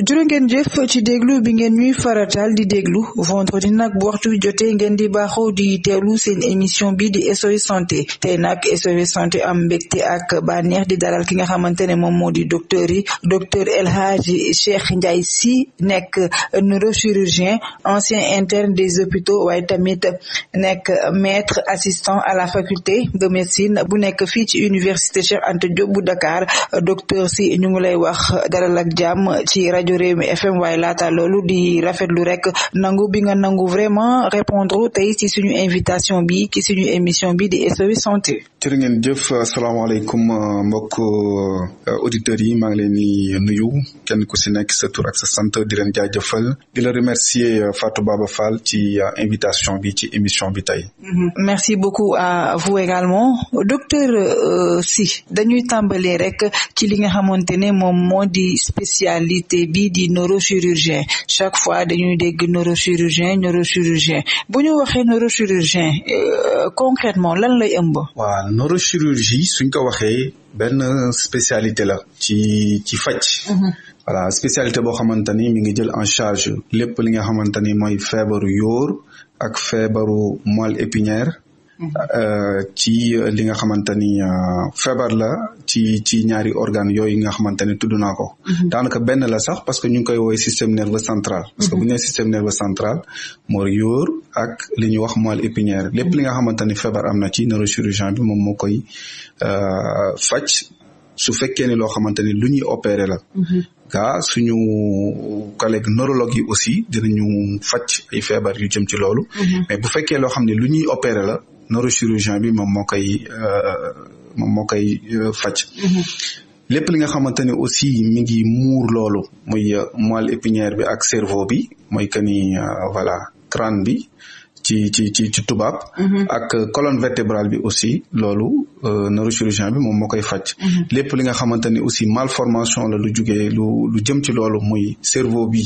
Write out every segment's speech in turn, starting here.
jërë ngeen jëf ci déglu bi ngeen ñuy faratal di déglu vendredi nag bu waxtu bi jotee ngeen di baaxoo di teewlu seen émission bi di SOS santé tey nag SOS santé am mbégte ak bànneex di dalal ki nga xamante ne moom moo di docteur yi docteur El Hadji Cheikh Ndiaye Sy nekk neurochirurgien ancien interne des hôpitaux waaye tamit nekk maître assistant à la faculté de médecine bu nekk fii ci université Cheikh Anta Diop bu Dakar docteur Sy ñu ngi lay wax dalal ak jàmm ci rajo Rewmi FM waaye laata loolu di rafetlu rek nangu bi nga nangu vraiment répondre tey ci suñu invitation bi ci suñu émission bi di SOS santé. jërë ngeen jëf asalaamaaleykum euh, mbokk euh, auditeurs yi maa ngi leen di nuyu kenn ku si nekk sa tur ak sa sant di leen jaajëfal di la remercier euh, Fatou Baba Fall ci invitation bi ci émission bi tey. Mm-hmm. merci beaucoup a vous également docteur euh, dañuy tàmbalee rek ci li nga xamante ne di spécialité bi. bii di neurochirurgien chaque fois dañuy dégg neurochirurgien neurochirurgien bu ñu waxee neurochirurgien euh, concrètement lan lay ëmb. waaw neurochirurgie suñ ko waxee benn spécialité la ci ci faj. Mhm. voilà spécialité boo xamante ni mi ngi jël en charge lépp li nga xamante ni mooy feebaru yoor ak feebaru moelle épinière. Euh, ci euh, li nga xamante ni euh, feebar la ci ci ñaari organes yooyu nga xamante ni tudd naa ko. Mhm. daanaka benn la sax parce que ñu ngi koy woowee système nerveux central. parce que bu ñu mhm. nee système nerveux central mooy yóor ak li ñuy wax moelle épinière mhm. lépp li nga xamante ni feebar am na ci neurochirurgien bi moom moo koy faj su fekkee ni loo xamante ni lu ñuy opérer la. suñu collègue neurologue yi aussi dinañu faj feebar yu jëm ci loolu. mais lu ñuy opérer la. neurochirurgien bi moom moo koy euh, moom moo koy euh, faj. Mm-hmm. lépp li nga xamante ne aussi mi ngi muur loolu muy euh, moelle épinière bi ak cerveau bi mooy que ni voilà crâne bi. ci ci ci ci tubaab. Mhm. ak colonne vertébrale bi aussi loolu euh, neurochirurgien bi moom moo koy faj. a mhm. li nga ni aussi malformation la lu jugee lu lu jëm ci loolu muy cerveau bi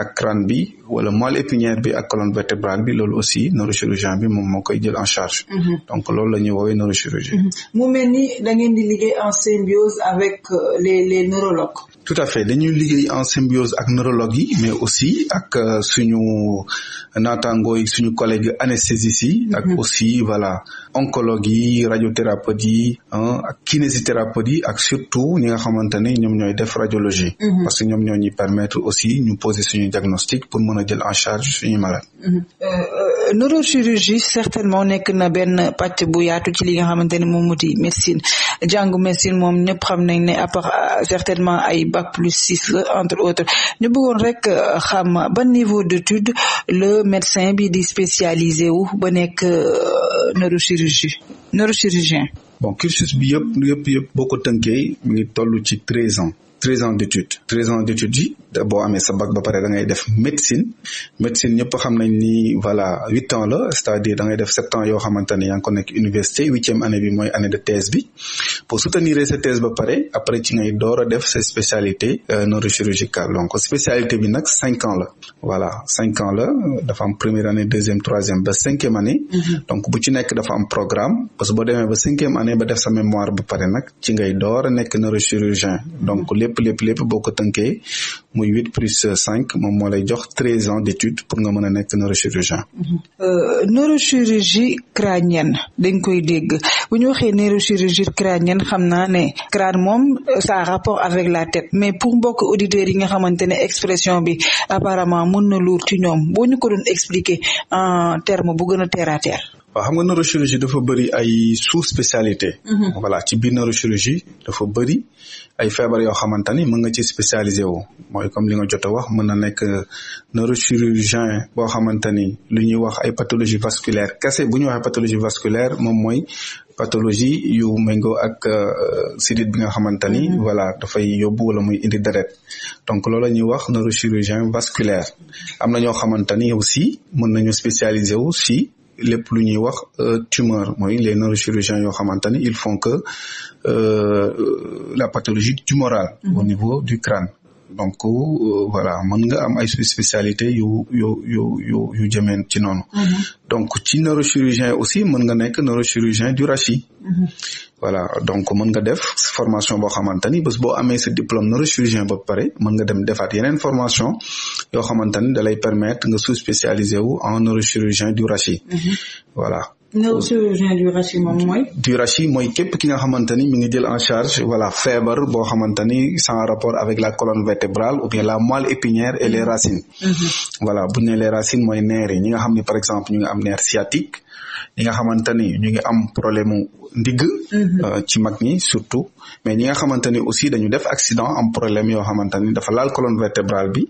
ak crâne bi wala moelle épinière bi ak colonne vertébrale bi loolu aussi neurochirurgien bi moom moo koy jël en charge. Mhm. donc loolu la ñuy woowee neurochirurgie. mu mel ni da di liggéey en symbiose avec euh, les neurologues. tout à fait dañuy liggéey en symbiose ak neurologue yi mais aussi ak euh, suñu naataangoo yi suñu collègue anesthésistes yi. ak mhm. aussi voilà oncologue yi radiothérapeute yi ak kinésithérapeute yi ak surtout ñi nga xamante ne ñoom ñooy def radiologie. Mm-hmm. parce que ñoom ñoo ñuy permettre aussi ñu poser suñu diagnostic pour mën a jël en charge suñu malade. Mm-hmm. Euh, euh, neurochirurgie certainement nekk na benn pàcc bu yaatu ci li nga xamante ne moom muti médecine jàngu médecine moom ñëpp xam nañ ne à part euh, certainement ay bac plus six la entre autres ñu bëggoon rek xam ban niveau de d'étude le médecin bi di spécialisé wu ba nekk neurochirurgie neurochirurgien bon cursus bi yëpp yëpp yëpp boo ko tënkee mu ngi toll ci treize ans treize ans d'études treize ans d'études ba pare da def médecine médecine xam nañ ni voilà huit ans la cest à def sept ans yoo xamante nekk université huitième année bi mooy année thèse bi pour soutenir sa thèse ba pare après ci ngay door a def sa spécialité euh, neurochirurgicale donc spécialité bi nag cinq ans la voilà cinq ans la dafa am première année deuxième mm-hmm. ba cinquième année ba def sa mémoire ba pare nag ci ngay door a nekk neurochirurgien donc lépp lépp lépp lépp boo ko tënkee muy huit plus cinq moom moo lay jox treize ans d'études pour nga mën a nekk neurochirurgien. Euh, neurochirurgie crânienne dañ koy dégg bu ñu waxee neurochirurgie crânienne xam naa ne crâne moom sa rapport avec la tête mais pour mbokk auditeurs yi nga xamante ne expression bi apparemment mën na luur ci ñoom boo ñu ko doon expliquer en terme bu gën a terre à terre waaw xam nga neurochirurgie dafa bëri ay sous spécialité mhm. voilà ci biir neurochirurgie dafa bëri ay feebar yoo xamante ni mën nga ci spécialisé wu mooy comme li nga jot wax mën na nekk neurochirurgien boo xamante ni lu ñuy wax ay pathologie vasculaire kese bu ñu waxee pathologie vasculaire moom mooy pathologie yu méngoo ak euh, sidit bi nga xamante ni mhm. voilà dafay yóbbu wala muy indi deret donc loolu la ñuy wax neurochirurgien vasculaire am na ñoo xamante ni aussi mën nañu spécialisé wu lépp lu ñuy wax euh, tumeur mooy les neurochirurgiens yoo xamante ni il font que euh, la pathologie tumorale mm au niveau du crâne donc euh, voilà mën nga am ay spécialité yu yu yu yu yu jëmeen ci noonu mm-hmm. donc ci neurochirurgien aussi mën nga nekk neurochirurgien du rachis mm-hmm. voilà donc mën nga def formation boo xamante ni bés boo amee sa diplôme neurochirurgien ba pare mën nga dem defaat yeneen formation yoo xamante ni da lay permettre nga su spécialisé wu en neurochirurgien du rachis mm-hmm. voilà neurochirurgien du rachis moom mooy. du ki nga xamante ni mi ngi jël en charge voilà feebar boo xamante ni sans rapport avec la colonne vertébrale ou bien la moelle épinière et les mm-hmm. racines. Mm-hmm. voilà bu ñu nee les racines mooy neer yi ñi nga xam ni par exemple ñu ngi am nerf sciatique ñi nga xamante ni ñu ngi am problème ndig mhm. euh, ci mag ñi surtout mais ñi nga xamante ni aussi dañu def accident am problème yoo xamante ni dafa laal colonne vertébrale bi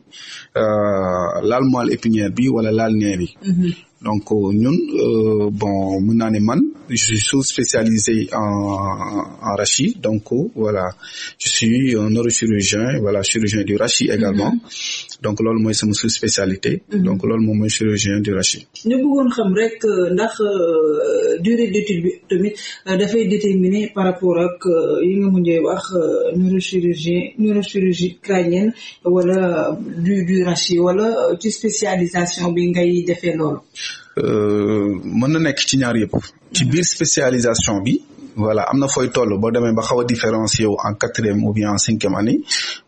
euh, laal moelle épinière bi wala laal neer mhm. donc euh, ñun euh, bon mun naa ne man je suis sous-spécialisé en en rachis donc voilà je suis un neurochirurgien voilà chirurgien du rachis également mm donc loolu mooy sama sous spécialité. Mhm. donc loolu moom mooy chirurgien du rachis. ñu bëggoon xam rek euh, ndax euh, durée d'étude bi tamit euh, dafay déterminer par rapport ak yi nga mujjee wax neurochirurgien neurochirurgie crânienne wala du du rachis wala ci spécialisation bi ngay defee loolu. mën na nekk ci ñaar yëpp. ci mhm. biir spécialisation bi. voilà am na fooy toll boo demee ba xaw a différencier wu en quatrième ou bien en cinquième année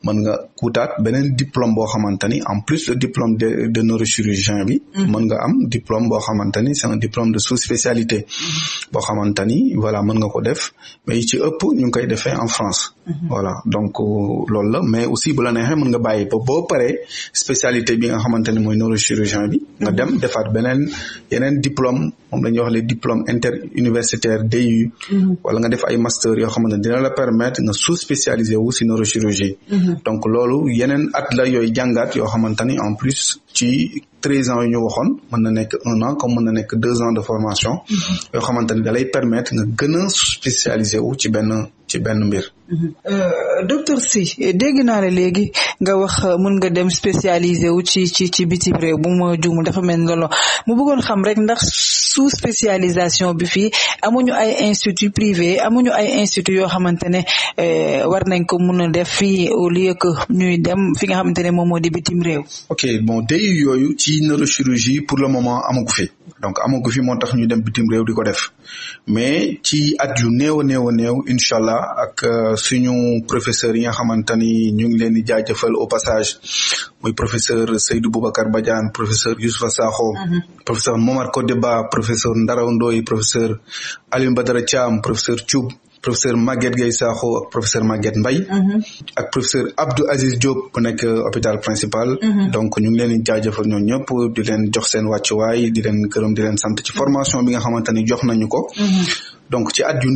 mën nga kuutaat beneen diplôme boo xamante ni en plus le diplôme de de neurochirurgien bi. Mhm. mën nga am diplôme boo xamante ni c'est un diplôme de sous-spécialité. Mhm. boo xamante ni voilà mën nga ko def mais yi ci ëpp ñu ngi koy defee en France. Mhm. voilà donc euh, loolu la mais aussi bu la neexee mën nga bàyyi bo boo paree spécialité bi nga xamante ne mooy neurochirurgien bi nga dem defaat beneen yeneen diplôme moom la ñuy wax les diplômes interuniversitaires DU mhm. wala nga def ay master yoo xamante ne dina la permettre nga sous spécialisé wu si neurochirurgie mhm. donc loolu yeneen at la yooyu jàngaat yoo xamante ni en plus ci treize ans yu ñu waxoon man na nekk un an comme mën na nekk deux ans de formation mm-hmm. yoo xamante ni da lay permettre nga gën a spécialisé wu ci benn ci benn mbir mm-hmm. euh, docteur Sy dégg naa la léegi nga wax euh, mun nga dem spécialisé wu ci ci ci bitim réew bu ma juumul dafa men loolu mu bëggoon xam rek ndax sous spécialisation bi fii amuñu ay institut privé amuñu ay institut yoo xamante ne euh, war nañ ko mun a def fii au lieu ñuy dem fi nga xamante ne moom moo di bitim réew ok bon liggéey yooyu ci neurochirurgie pour le moment amagu fi donc amagu fi moo tax ñu dem bitim réew di ko def mais ci at yu néew a néew a néew incha allah ak euh, suñu professeur yi nga xamante ni ñu ngi leen di jaajëfal au passage muy professeur Seydou Boubacar Badiane professeur Youssoufa Sakho mhm. professeur Momar Kodeba professeur Ndaraw Ndoye professeur Alioune Badara Thiam professeur Thioub professeur Maguette Gueye Sakho ak professeur Maguette mbay mhm. ak professeur Abdou Aziz Diop bu nekk euh, hôpital principal mhm. donc ñu ngi leen di jaajëfal ñoom ñëpp di leen jox seen wàccuwaay di leen gërëm di leen sant ci formation bi nga xamante ni jox nañu ko mhm. donc ci at yu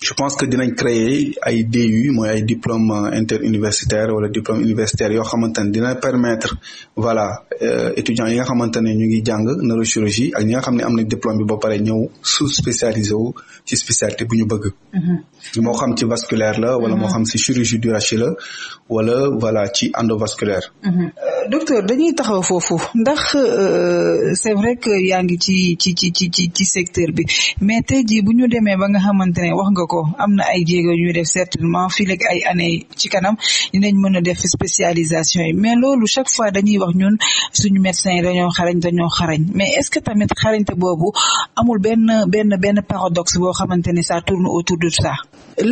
je pense que dinañ créer ay DU mooy ay diplôme euh, interuniversitaire wala diplôme universitaire yoo xamante ne dina permettre voilà euh, étudiants yi nga xamante ne ñu ngi jàng neurochirurgie ak ñi nga xam ne am nañ diplôme bi ba pare ñëw sous spécialisé wu ci spécialité bu ñu bëgg. Mm-hmm. moo xam ci vasculaire la wala moo mm-hmm. xam ci chirurgie du rachis la wala voilà ci endovasculaire. Mm-hmm. Euh, docteur dañuy taxaw foofu ndax c'est vrai que yaa ngi ci secteur bi mais tey jii bu demee ba nga xamante wax nga ko am na ay jéego ñuy def certainement fii léegi ay année ci kanam dinañ mën a def spécialisation yi mais loolu chaque fois dañuy wax ñun suñu médecins yi dañoo xarañ dañoo xarañ mais est-ce que tamit xarañte boobu amul benn benn benn paradoxe boo xamante ne ça tourne autour de ça.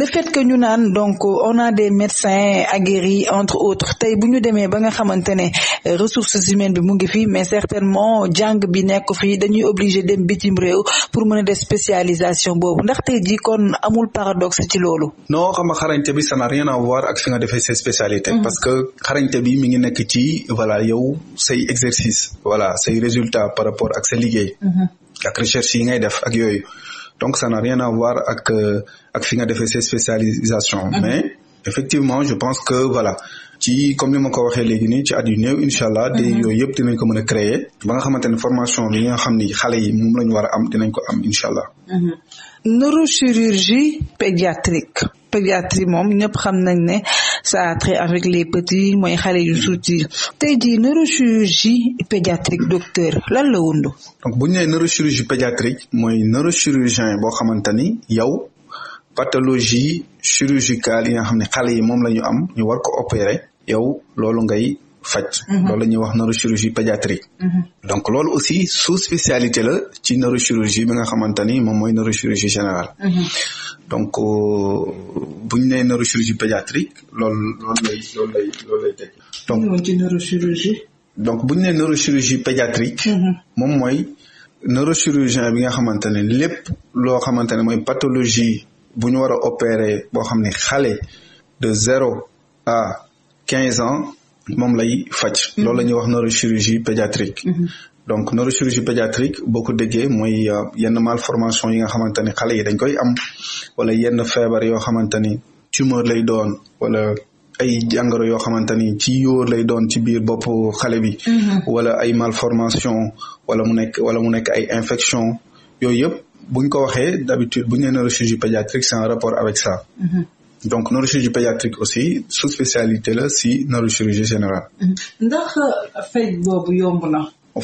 le fait que ñu naan donc on a des médecins aguerris entre autres tey bu ñu demee ba nga xamante ne euh, ressources humaines bi mu ngi fi mais certainement jàng bi nekk fi dañuy obliger dem bitim réew pour mën a def boobu amul paradoxe ci loolu. non xam nga xarañte bi ça n'a rien à voir ak fi nga defee sa spécialité. Mhm. parce que xarañte bi mi ngi nekk ci voilà yow say exercice voilà say résultat par rapport ak sa liggéey. Mhm. ak recherche yi ngay def ak yooyu donc ça n'a rien à voir ak euh, fi nga defee sa spécialisation. Mhm. mais effectivement je pense que voilà. ci comme ni ma ko waxee léegi nii ci at yu néew incha allah. te yooyu yëpp dinañ ko mën a créer. ba nga xamante ne formation bi nga xam ni xale yi moom la ñu war a am dinañ ko am incha allah. neurochirurgie pédiatrique pédiatrie moom ñëpp xam nañ ne ça a avec les petits mooy xale yu tuuti tey jii neurochirurgie pédiatrique docteur lan la wundu donc bu ñu nee neurochirurgie pédiatrique mooy neurochirurgien boo xamante ni yow pathologie chirurgicale yi nga xam ne xale yi moom la ñu am ñu war ko opérer yow loolu ngay faj mhm. loolu la ñuy wax neurochirurgie pédiatrique mhm. donc loolu aussi sous spécialité la ci neurochirurgie bi nga xamante ni moom mooy neurochirurgie général mhm. donc euh, buñ ñu nee neurochirurgie pédiatrique loolu donc donc bu ñu nee neurochirurgie pédiatrique moom mooy neurochirurgien bi nga xamante ne lépp loo xamante ne mooy pathologie bu ñu war a opérer boo xam ne xale de zéro à quinze ans moom lay faj. Mhm. loolu la ñuy wax neurochirurgie pédiatrique. Mhm. donc neurochirurgie pédiatrique boo ko déggee mooy euh, yenn malformation yi nga xamante ni xale yi dañ koy am wala yenn feebar yoo xamante ni tumeur lay doon wala. ay jàngoro yoo xamante ni ci yóor lay doon ci biir bopp xale bi mhm. wala ay malformation wala mu nekk wala mu nekk ay infection yooyu yëpp buñ ko waxee d'habitude buñ nee neurochirurgie pédiatrique c'est en rapport avec sa donc neurochirurgie pédiatrique aussi sous spécialité la si neurochirurgie générale. Mm-hmm. ndax faj boobu yomb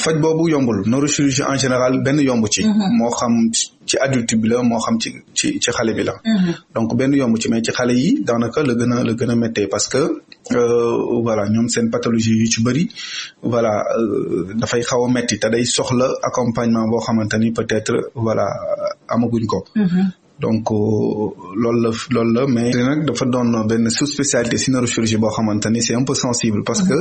faj boobu yombul neurochirurgie en général benn yomb ci. Mm-hmm. moo xam ci adulte bi la moo xam ci ci ci xale bi la. Mm-hmm. donc benn yomb ci mais ci xale yi daanaka la gën a la gën a méttee parce que euh, voilà ñoom seen pathologie yu ci bëri voilà euh, dafay xaw a métti day soxla accompagnement boo xamante ni peut-être voilà amaguñ ko. donc euh, loolu la loolu la mais nag dafa doon benn sous-spécialité si neurochirurgie boo xamante ni c'est un peu sensible parce que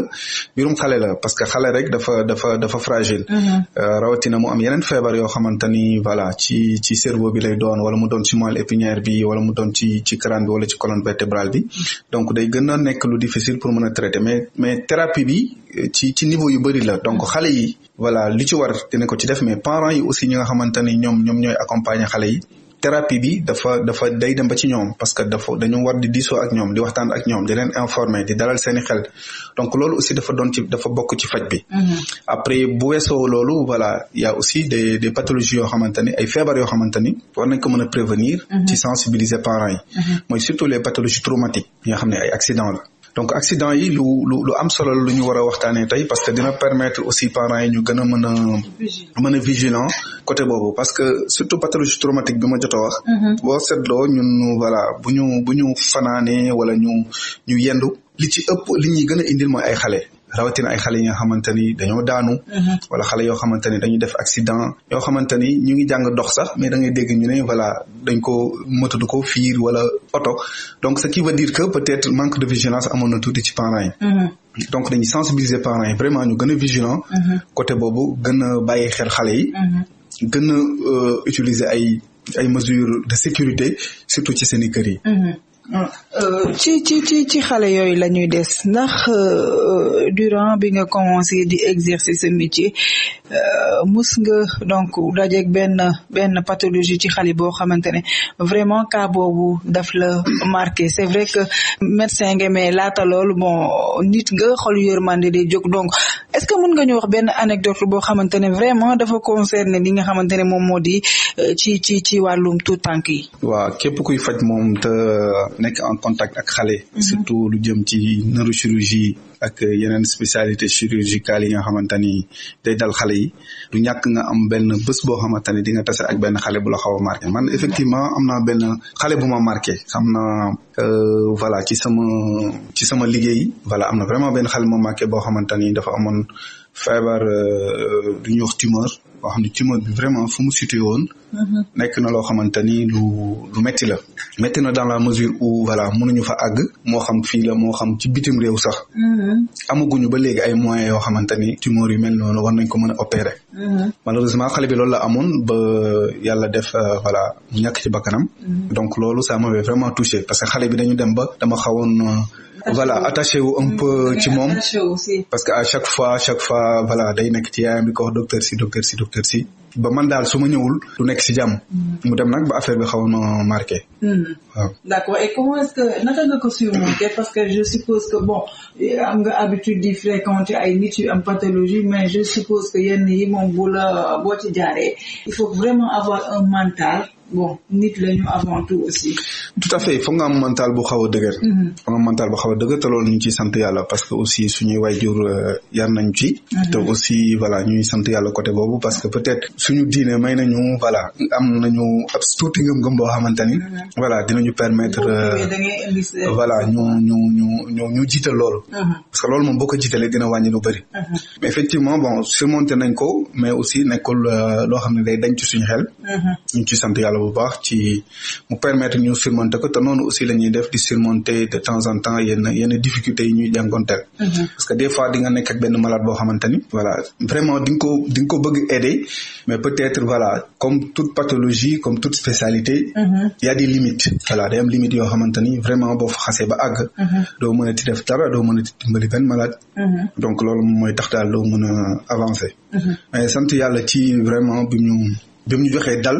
mbirum xale la parce que xale rek dafa dafa dafa fragile mm-hmm. euh, rawatina mu am yeneen feebar yoo xamante ni voilà ci ci cerveau bi lay doon wala mu doon ci moelle épinière bi wala mu doon ci ci crâne bi wala ci colonne vertébrale bi donc day gën a nekk lu difficile pour mën a traiter mais mais thérapie bi euh, ci ci niveau yu bëri la donc xale yi voilà li ci war dina ko ci def mais parents yi aussi ñi nga xamante ni ñoom ñoom ñooy accompagner xale yi thérapie bi dafa dafa day dem ba ci ñoom parce que dafa dañu war di diisoo ak ñoom di waxtaan ak ñoom di leen informer di dalal seeni xel donc loolu aussi dafa doon ci dafa bokk ci faj bi. Mm-hmm. après bu weesoo loolu voilà y a aussi des des pathologies yoo xamante ni ay feebar yoo xamante war nañ ko mën a prévenir. Mm-hmm. ci sensibiliser parents yi. Mm-hmm. mooy surtout les pathologies traumatiques yi nga ay accident la. donc accident yi lu lu lu am solo lu ñu war a waxtaanee tey parce que dina permettre aussi parents yi ñu gën a mën a mën a vigilant côté boobu parce que surtout pathologie traumatique bi ma jot a wax mm-hmm. boo seetloo ñun voilà bu ñu bu ñu fanaanee wala ñu ñu yendu li ci ëpp li ñuy gën a indil ay xale rawatina ay xale yi nga xamante ni dañoo daanu mhm. wala xale yoo xamante ni dañuy def accident yoo xamante ni ñu ngi jàng dox sax mais da ngay dégg ñu ne voilà dañ ko moto du ko fiir wala oto donc ce qui veut dire que peut-être manque de vigilance amoon na tuuti ci parents yi mhm. donc dañuy sensibiliser parents yi vraiment ñu gën a vigilant mhm. côté boobu gën a bàyyi xel xale yi gën a euh, utiliser ay ay mesures de sécurité surtout ci seen i kër yi Euh, ci ci ci ci xale yooyu la ñuy des ndax euh, euh, durant bi nga commencé di exercer ce métier mus nga donc dajeeg benn benn pathologie ci xale boo xamante ne vraiment ka boobu daf la marqué c'est vrai que médecin nga mais laata loolu bon nit nga xol yërmande day jog donc est que mën nga ñu wax benn anecdote boo xamante ne vraiment dafa concerné li nga xamante ne moom moo di ci ci ci wàllum tout tànk yi. waaw képp kuy faj moom te nekk en contact ak xale surtout lu jëm ci neurochirurgie ak yeneen spécialité chirurgicale yi nga xamante ni day dal xale yi du ñàkk nga am benn bés boo xamante ni di nga tase ak benn xale bulo xaw a marqué man effectivement am naa benn xale bu ma marqué xam naa euh, voilà ci sama ci sama liggéey voilà am na vraiment benn xale bu ma marqué boo xamante ni dafa amoon feebar euh, du ñuy wax tumeur boo xam ne tumeur bi vraiment fu mu situé woon nekk na loo xamante ni lu lu métti la métti na dans la mesure mun voilà mënuñu fa agg moo xam fi la mo xam ci bitim réew sax amaguñu ba léegi ay moyens yoo xamante ni tumeur yu mel noonu war nañ ko mën a opérer malheureusement xale bi loolu la amoon ba yàlla def euh, voilà mu ñàkk ci bakkanam mm-hmm. donc loolu ça m'avait vraiment touché parce que xale bi dañu dem ba dama xawoon euh, voilà attaché wu un peu ci moom parce que à chaque fois chaque fois voilà day nekk ci yaayam di ko wax docteur si docteur ba man daal suma ñëwul du nekk si jàmm mm. mu dem nag ba affaire bi xaw ma marqué mm. waaw d'accord et comment est-ce que naka nga ko surmonté parce que je suppose que bon am nga habitude di fréquenter ay nit yu am pathologie mais je suppose que yenn yi moom bu la jaaree il faut vraiment avoir un mental bon nit lañu avant tout aussi. à fait foog nga am bu xaw a dëgër. Mhm. foog nga am mental bu xaw a dëgër te loolu ñu ciy sant yàlla parce que aussi suñuy waajur euh, yar nañ ci. Mhm. te aussi voilà sant yàlla côté boobu parce que peut-être suñu diine may nañu voilà am nañu ab tuuti ngëm-ngëm boo xamante ni. Mhm. voilà dinañu permettre. Euh, voilà ñu ñu ñu ñu ñu jiital loolu. parce que loolu moom boo ko jiitalee dina wàññi lu bëri. mais effectivement bon surmonté nañ ko mais aussi nekkul euh, loo xam ne day dañ ci suñu xel. ñu ciy sant yàlla bu baax ci mu permettre ñu surmonter ko te noonu aussi la def di surmonter de temps en temps yenn yenn difficultés yi ñuy mm-hmm. parce que des di nga nekk benn malade boo xamante vraiment a mm-hmm. boo xasee ba àgg mm-hmm. doo mën a def dara doo mën a ci benn malade donc loolu mooy tax daal doo mën a mais sant yàlla ci vraiment bi ñu joxee dal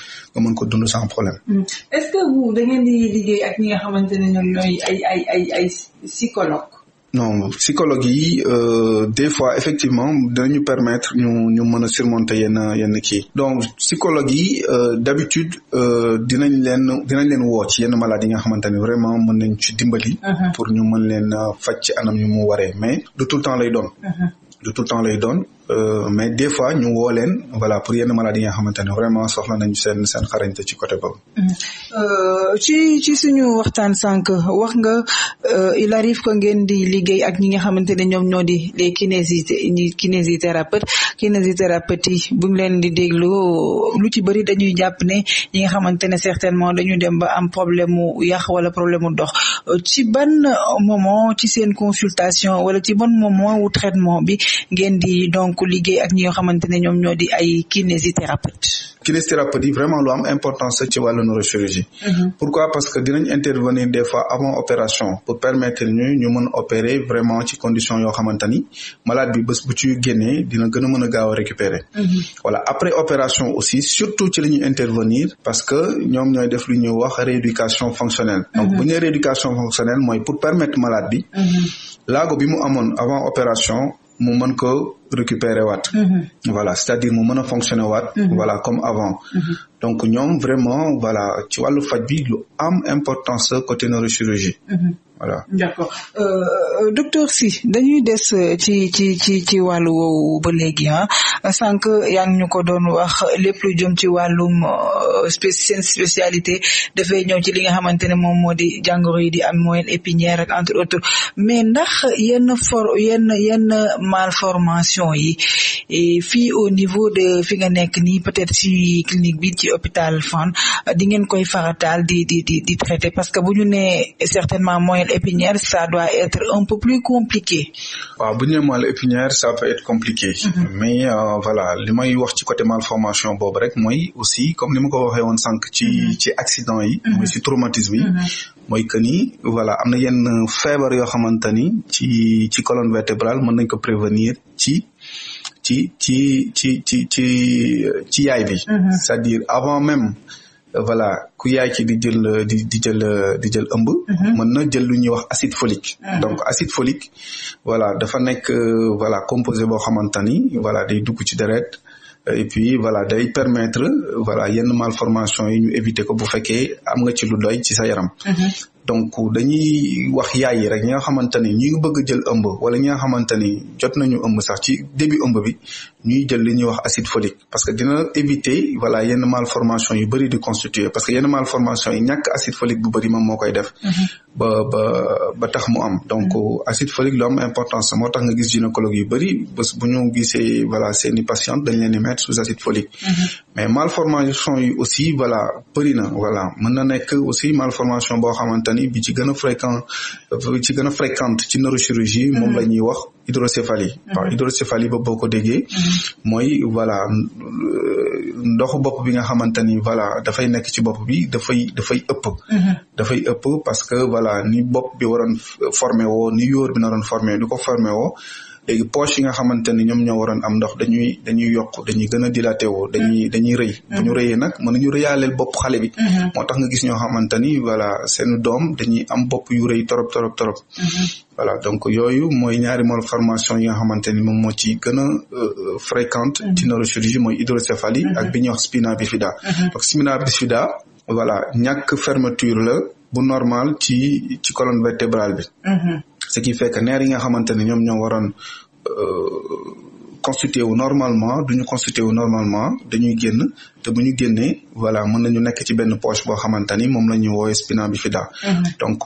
nga mën ko dund sans problème. Mm. est-ce que vous da ngeen di liggéey ak ñi nga xamante ne ñoom ay ay ay ay psychologue. non psychologue yi euh, des fois effectivement dinañu permettre ñu ñu mën a surmonter yenn yenn kii donc psychologue yi euh, d'habitude euh, dinañ leen dinañ leen woo ci yenn maladies yi nga xamante ne vraiment mën nañ ci dimbali. Mm-hmm. pour ñu mën leen euh, faj ci anam ñu mu waree mais du tout le temps lay doon. Mm-hmm. temps lay doon Euh, mais des fois ñu woo leen pour yenn maladies yi nga ci côté boobu. Mm-hmm. Euh, ci ci suñu waxtaan sànq wax nga euh, il arrive que ngeen di liggéey ak ñi nga xamante ne ñoom ñoo di les kinésithérapeutes kinésithérapeutes kinésithérapeutes yi bu ñu leen di déglu lu ci bëri dañuy jàpp ne ñi nga xamante ne certainement dañu dem ba am problème mu yàq wala problème mu dox ci ban moment ci seen consultation wala ci ban moment wu traitement bi ngeen donc. ko liggéey ak ñi nga xamante ñoom ñoo di ay kinésithérapeute kinésithérapeute yi vraiment lu am importance ci wàllu neurochirurgie mm-hmm. pourquoi parce que dinañ intervenir des fois avant opération pour permettre ñu ñu mën opérer vraiment ci condition yoo xamante ni malade bi bés bu ci génnee dina gën a mën a gaaw a récupérer mm-hmm. voilà après opération aussi surtout ci la ñuy intervenir parce que ñoom ñooy def lu ñuy wax rééducation fonctionnelle donc mm-hmm. bu ñu rééducation fonctionnelle mooy pour permettre malade bi laago bi récupérer waat. Mhm. voilà c'est-à-dire mu mën a fonctionner waat. Mhm. voilà comme avant. Mhm. donc ñoom vraiment voilà ci wàllu faj bi lu am importance côté neurochirurgie. voilà d'accord euh, euh docteur si dañuy des euh, ci ci ci ci wàllu ba léegi ah sànq yaa ngi ñu ko doon wax lépp lu jëm ci wàllum euh, seen spécialité dafay ñëw ci li nga xamante ne moom moo di jàngoro yi di am moelle entre autres mais ndax yenn for yenn yenn conditions yi et fii niveau de fi nga nekk nii peut-être ci clinique bi ci hôpital Fann di ngeen koy farataal di di parce que bu ne nee certainement moelle épinière ça doit être un peu plus compliqué. waaw bu ñu nee moelle épinière ça peut être compliqué. Mm-hmm. mais euh, voilà li may wax ci côté malformation boobu rek mooy aussi comme ni ma ko waxee woon mm-hmm. ci accident yi. Mm-hmm. mooy ci traumatisme yi. mooy que voilà am na yenn feebar ci ci colonne vertébrale mën nañ prévenir ci. ci ci ci ci ci yaay bi mm-hmm. c'est-à-dire avant même voilà ku yaay ci di jël di di jël di jël ëmb mm-hmm. mën na jël lu ñuy wax acide folique mm-hmm. donc acide folique voilà dafa nekk voilà composé boo xamante ni voilà day dugg ci deret et puis voilà day permettre voilà yenn malformation yi ñu éviter ko bu fekkee am nga ci lu doy ci sa yaram donc dañuy wax yaay yi rek ñi nga xamante ni ñi ngi bëgg jël ëmb wala ñi nga xamante ni jot nañu ëmb sax ci début ëmb bi ñuy jël li ñuy wax acide folique parce que dina éviter voilà yenn formation yu bëri di constituer parce que yenn malformation yi ñàkk acide folique bu bëri moom koy mm-hmm. ba tax mu am donc mm-hmm. acide folique lu am importance moo tax nga gis gynécologue yu bëri bés bu ñu gisee voilà seeni patiente dañ leen di mettre sous acide folique mm-hmm. mais malformation yi aussi voilà bëri na voilà mën na nekk aussi malformation boo xamante ni bi ci gën a fréquent ci gën a fréquente ci neurochirurgie moom la ñuy wax hydrocéphalie mhm. waaw hydrocéphalie ba boo ko déggee mhm. mooy voilà euh, ndoxu bopp bi nga xamante ni voilà dafay nekk ci bopp bi dafay dafay ëpp mhm. dafay ëpp parce que voilà ni bopp bi waroon formé woo ni yóor bi naroon formé du ko formé woo léegi poche yi nga xamante ni ñoom ñoo waroon am ndox dañuy dañuy yokk dañuy gën a dilaté woo dañuy dañuy rëy mm-hmm. bu ñu rëyee nag mënuñu rëyaaleel bopp xale bi mm-hmm. moo tax nga gis ñoo xamante ni voilà seen doom dañuy am bopp yu rëy torop torop torop mm-hmm. voilà donc yooyu mooy ñaari malformation yi nga xamante ni moom moo ci gën a euh, fréquente ci neurochirurgie mooy hydrocéphalie ak bi ñuy wax spina bifida donc spina bifida voilà ñàkk fermeture la bu normal ci ci colonne vertébrale bi ce qui fait que nerf yi nga xamante ne ñoom ñoo waroon euh, constitué wu normalement duñu constitué wu normalement dañuy génn te bu ñu génnee voilà mën ñu nekk ci benn poche boo xamante ni moom la ñu woowe spina bifida mhm. donc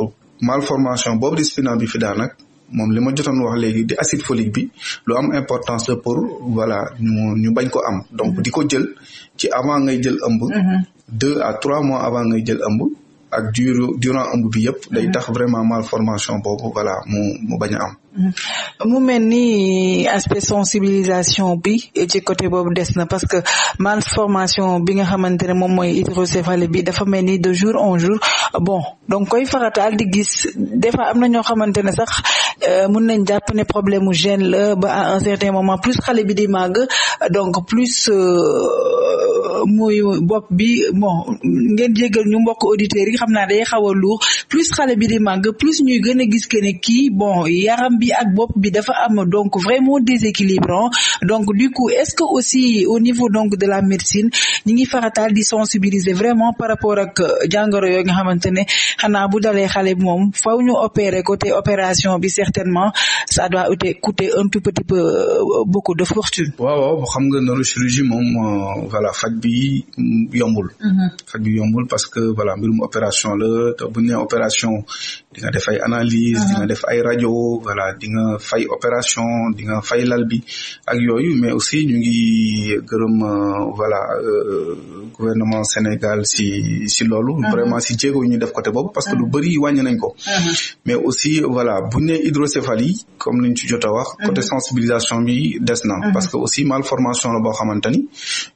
formation boobu di spina bifida nag moom li ma jotoon wax léegi di acide folique bi lu am importance la pour voilà ñu bañ ko am donc mhm. di ko jël ci avant ngay jël ëmb mhm. deux à trois mois avant ngay jël ëmb ak duru durant ëmb bi yëpp day mhm. tax vraiment malformation boobu voilà mu mu mhm. ni aspect sensibilisation bi ci côté boobu des na parce que malformation bi nga xamante ne moom mooy hydrocéphalie bi dafa mel ni de jour en jour bon donc koy farataal di gis des fois am na ñoo xamante ne sax euh, mun nañ jàpp ne problème mu gène la ba à un certain moment plus xale bi di màgg donc plus euh, muy bopp bi bon ngeen jégal ñu mbokk auditeurs xam naa day xaw a plus xale bi di màgg plus ñuy gën a gis que ne kii bon yaram bi ak bopp bi dafa am donc vraiment déséquilibrant donc du coup est-ce que aussi au niveau donc de la médecine ñi ngi farataal di sensibiliser vraiment par rapport ak euh, jàngoro yoo nga xamante ne xanaa bu dalee xale bi moom faw ñu opérer côté opération bi certainement ça doit coûter un tout petit peu euh, beaucoup de fortune. waaw xam nga neurochirurgie moom euh, voilà faj bi mm, yombul. Mm-hmm. faj bi yombul parce que opération la te bu ñu opération di nga def ay analyse di uh-huh. def ay rajo voilà di nga fay opération di nga fay lal bi ak yooyu mais aussi ñu ngi gërëm euh, voilà euh, gouvernement Sénégal si si loolu uh-huh. vraiment si jéego ñu def côté boobu parce que lu uh-huh. bëri wàññi nañ ko mais aussi voilà bu ñu nee hydrocéphalie comme liñ ci jot a wax côté sensibilisation bi des na parce que aussi malformation la boo xamante ni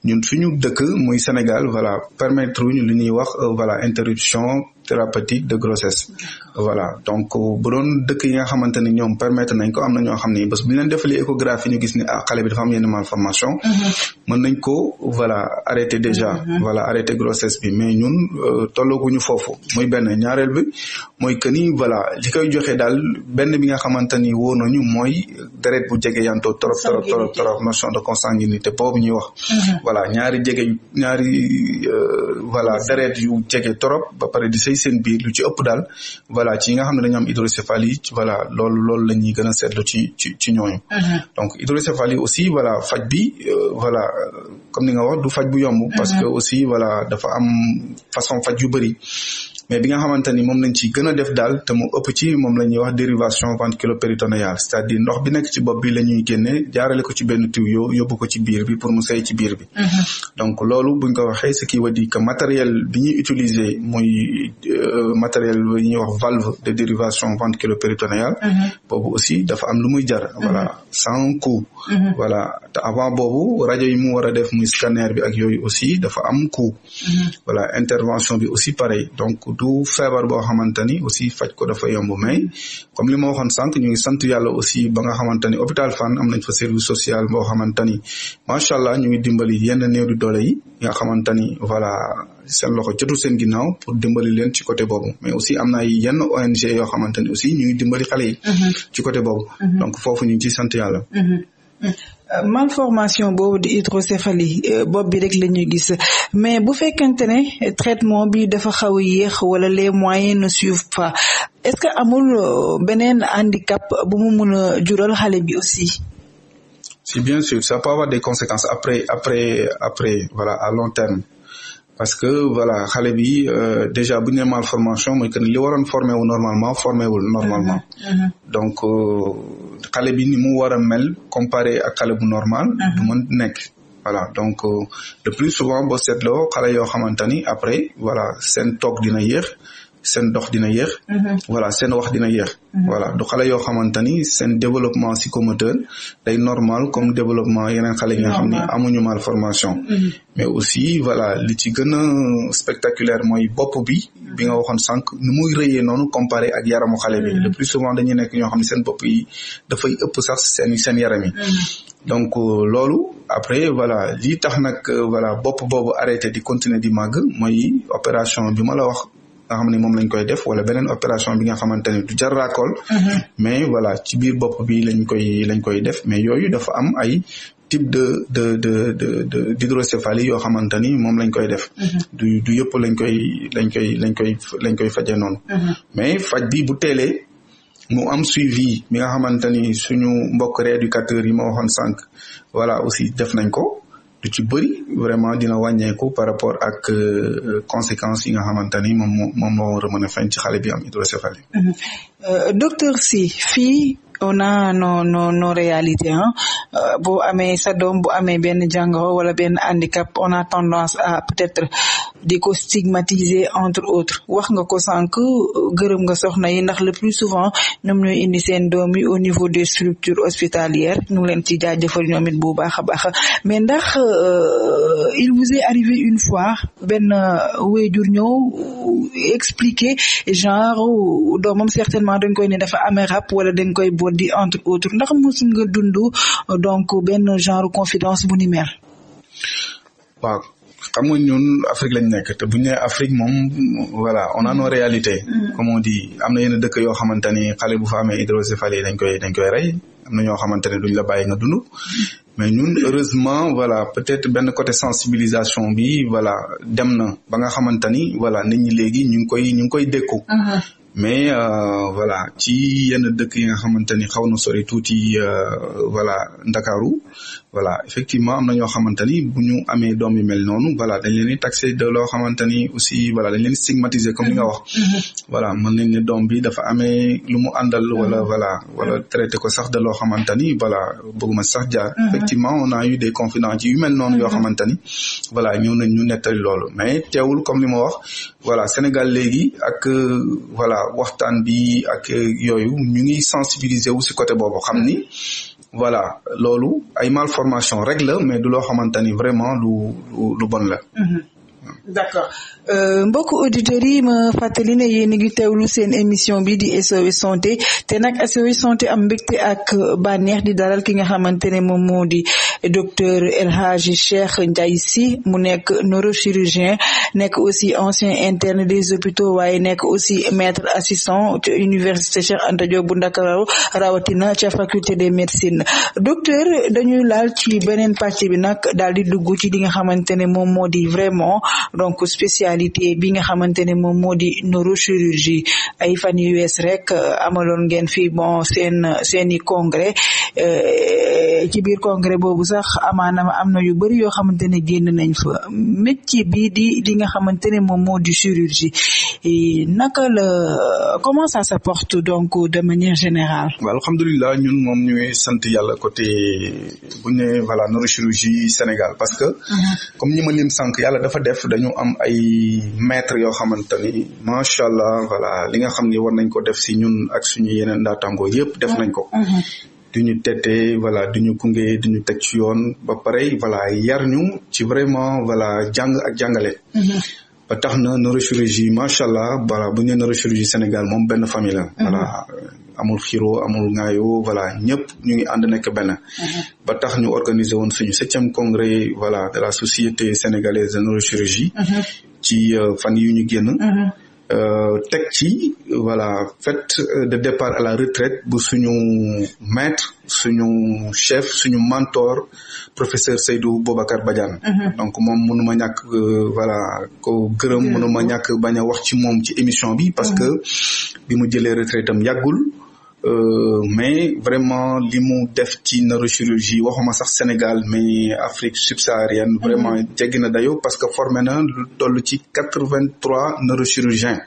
ñun suñu dëkk muy Sénégal voilà permettre ñu li ñuy wax euh, voilà interruption vraiment thérapeutique de grossesse voilà donc bu doon dëkk yi nga xamante ni ñoom permettre nañ ko am na ñoo xam ne bés bu ñu leen defalee échographie ñu gis ni ah xale bi dafa am yenn malformation mm-hmm. mën ko voilà arrêter déjà mm-hmm. voilà arrêter grossesse bi mais ñun euh, tollooguñu foofu muy benn ñaareel bi mooy que ni voilà li koy joxe daal benn bi nga xamante ni wóor nañu mooy deret bu jege yantoo trop trop trop trop notion de consanguinité boobu ñuy wax mm-hmm. voilà ñaari jege ñaari euh, voilà deret yu jege trop ba seen biir lu ci ëpp daal voilà ci yi nga xam ne dañu am hydrocéphalie voilà loolu loolu la ñuy gën a seetlu ci ci ci ñooñu mm-hmm. donc hydrocéphalie aussi voilà faj bi euh, voilà comme ni nga wax du faj bu yomb mm-hmm. parce que aussi voilà dafa am façon faj yu bëri mais bi nga xamante ni moom lañ ci gën a def daal te mu ëpp ci moom la wax dérivation ventriculo-péritonéale c'est-à-dire ndox bi nekk ci bopp bi la ñuy génne jaarale ko ci benn tuyau yóbbu ko ci biir bi pour mu sey ci biir bi mm-hmm. donc loolu buñ ko waxee ce qui veut dire que matériel bi ñu utiliser muy euh, matériel bi ñuy wax valve de dérivation kilo péritonéale mm-hmm. boobu aussi dafa am lu muy jar mm-hmm. voilà san coût voilà te avant boobu rajo yi mu war a def mu scanner bi ak yooyu aussi dafa am coût voilà intervention bi aussi pareil donc du feebar boo xamante ni aussi faj ko dafa yomb mais comme li ma waxoon sànq ñu ngi sant yàlla aussi ba nga xamante ni hôpital Fann am nañ fa service social boo xamante ni macha allah ñu ngi dimbali yenn néew di doole yi nga xamante ni voilà seen loxo jotul seen ginnaaw pour dimbali leen ci côté boobu mais aussi am na yenn ONG yoo xamante ni aussi ñu ngi dimbali xale yi. Mhm. ci côté boobu. Mhm. donc foofu ñu sant yàlla. Mhm. malformation boobu di hydrocéphalie euh, bopp bi rek la ñuy gis mais bu fekkente ne traitement bi dafa xaw a yéex wala les moyens ne suivent pas est-ce que amul euh, beneen handicap bu mu mun a jural xale bi aussi. si bien sûr ça peut avoir des conséquences après après après voilà à long terme. parce que voilà xale bi euh, déjà bu ñu nee malformation mooy que li waroon formé wu normalement formé wul normalement. Mm-hmm. Mm-hmm. donc euh, xale bi ni mu war a mel comparer ak xale bu normal. Mm-hmm. mën nekk. voilà donc le euh, plus souvent boo seetloo xale yoo xamante ni après voilà seen toog dina yéex seen dox dina yéex. voilà seen wax dina yéex. Mhm. voilà du xale yoo xamante ni seen développement psychomoteur day normal comme développement yeneen xale yi nga xam ne amuñu mal formation mhm. mais aussi voilà li ci gën a spectaculaire mooy bopp bi bi nga waxoon sànq nu muy rëyee noonu comparé ak yaramu xale bi mhm. le plus souvent dañuy nekk ñoo xam ne seen bopp yi dafay ëpp sax seen seen yaram yi donc euh, loolu après voilà lii tax nag euh, voilà bopp boobu arrêté di continuer di màgg mooy opération bi ma la wax nga xam ne moom lañ koy def wala beneen opération bi nga xamante du jar mm-hmm. mais voilà ci biir bopp bi lañ koy lañ koy def mais yooyu dafa am ay type de de de de de d'hydrocéphalie yoo xamante ni moom lañ koy def mm-hmm. du du yëpp lañ koy lañ koy lañ koy lañ koy faje noonu mm-hmm. mais faj bi bu teelee mu am suivi bi nga xamante ni suñu mbokk rééducateur yi ma waxoon sànq voilà aussi def nañ ko lu ci bëri vraiment dina wàññeeku par rapport ak euh, euh, conséquences yi nga xamante ni moom moo moom moo war a mën a feeñ ci bi am hydrocéphalie. Mmh. Euh, docteur na no no no réalité hein euh, bu amee sa doom bu amee benn jàngoro wala benn handicap on a tendance à peut-être di ko stigmatiser entre autres wax nga ko sànq gërëm nga soxna yi ndax le plus souvent ñoom ñooy indi seen doom yi au niveau des structures hospitalières ñu leen ci jaajëfal ñoom it bu baax a baax mais ndax euh, il vous est arrivé une fois benn euh, waajur ñëw expliquer genre doomam certainement dañ koy ne dafa amee rab wala dañ koy di entre autres ndax mos nga dund donc benn genre confidence bu ni mel. waaw xam nga ñun Afrique lañ nekk te buñ nee Afrique moom voilà on a réalité mm. réalités. Mm. comme on dit am na yenn dëkk yoo xamante ni xale bu fa amee fali dañ koy dañ koy rey am na ñoo xamante ne duñ la bàyyi nga dund. Mm. mais ñun heureusement voilà peut-être benn côté sensibilisation bi voilà dem na ba nga xamante ni voilà nit ñi léegi ñu ngi koy ñu ngi koy dékku. Uh-huh. mais euh, voilà ci yenn dëkk yi nga xamante ni xaw na sori tuuti euh, voilà Ndakaaru voilà effectivement am na ñoo xamante ni bu ñu amee doom yu mel noonu voilà dañ leen di taxé de loo xamante ni aussi voilà dañ leen stigmatiser comme li nga wax mm-hmm. voilà mën nañ ne doom bi dafa amee lu mu àndal mm-hmm. wala voilà wala traité ko sax de loo xamante ni voilà bëgguma sax jaar mm-hmm. effectivement on a eu des confidents ci yu mel noonu yoo xamante ni voilà ñëw nañ ñu nettali loolu mais teewul comme li ma wax voilà Sénégal léegi ak voilà waxtaan bi ak yooyu ñu ngi sensibiliser wu si côté boobu xam ni voilà loolu ay malformation rek la mais du loo xamante ni vraiment lu lu lu bon la. Mm-hmm. d'accord euh, mbokk auditeurs yi ma fàttali ne yéen a ngi teewlu seen émission bii di SOS santé te nag SOS santé am mbégte ak bànneex di daral ki nga xamante ne moom moo di docteur El Hadji Cheikh Ndiaye Sy mu nekk neurochirurgien nekk aussi ancien internet des hôpitaux waaye nekk aussi maître assistant ci université Cheikh Anta Diop bu Ndakaaru rawatina ca faculté des médecines docteur dañuy laal ci beneen pàcc bi nag daal di dugg ci li nga xamante ne moom moo di vraiment donc spécialité bi nga xamante ne moom moo di neurochirurgie ay fan yu wees rek euh, amaloon ngeen fi bon seen seeni congrès euh, ci biir congrès boobu sax amaana am na yu bëri yoo xamante ne génn nañ fa métier bi di li nga xamante ne moom moo di chirurgie naka la comment ça se donc de manière générale. alhamdulilah ñun moom ñuy sant yàlla côté bu ñu nee voilà neurochirurgie Sénégal parce que. Mhm. comme ñi ma yàlla dafa def. def dañu am ay maître yoo xamante ni macha allah voilà li nga xam ni war nañ ko def si ñun ak suñu yeneen ndaataangoo yëpp def nañ ko. Mm-hmm. Mm-hmm. du ñu tete voilà du ñu kunge du ñu teg ci yoon ba pare voilà yar ñu ci vraiment voilà jàng ak jàngale. Mm-hmm. ba tax na neurochirurgie macha allah voilà ba ñu nee neurochirurgie Sénégal moom benn famille mhm. voilà amul xiro amul ŋaayoo voilà ñëpp ñu ngi ànd nekk benn. Mhm. ba tax ñu organiser woon suñu septième congrès voilà de la société sénégalaise de neurochirurgie. Mhm. ci euh, fan yu ñu génn. Euh, teg ci voilà fête euh, de départ à la retraite bu suñu maître suñu chef suñu mentor professeur Seydou Boubacar Badiane mhm. donc moom mënuma ñàkk euh, voilà ko gërëm mënuma ñàkk bañ a wax ci moom ci émission bi parce mhm. que bi mu jëlee retraite am yàggul Euh, mais vraiment li mu def ci neurochirurgie waxuma sax Sénégal mais Afrique subsaharienne mhm. vraiment jéggi na dayo parce que formé na lu toll ci quatre vingt trois neurochirurgiens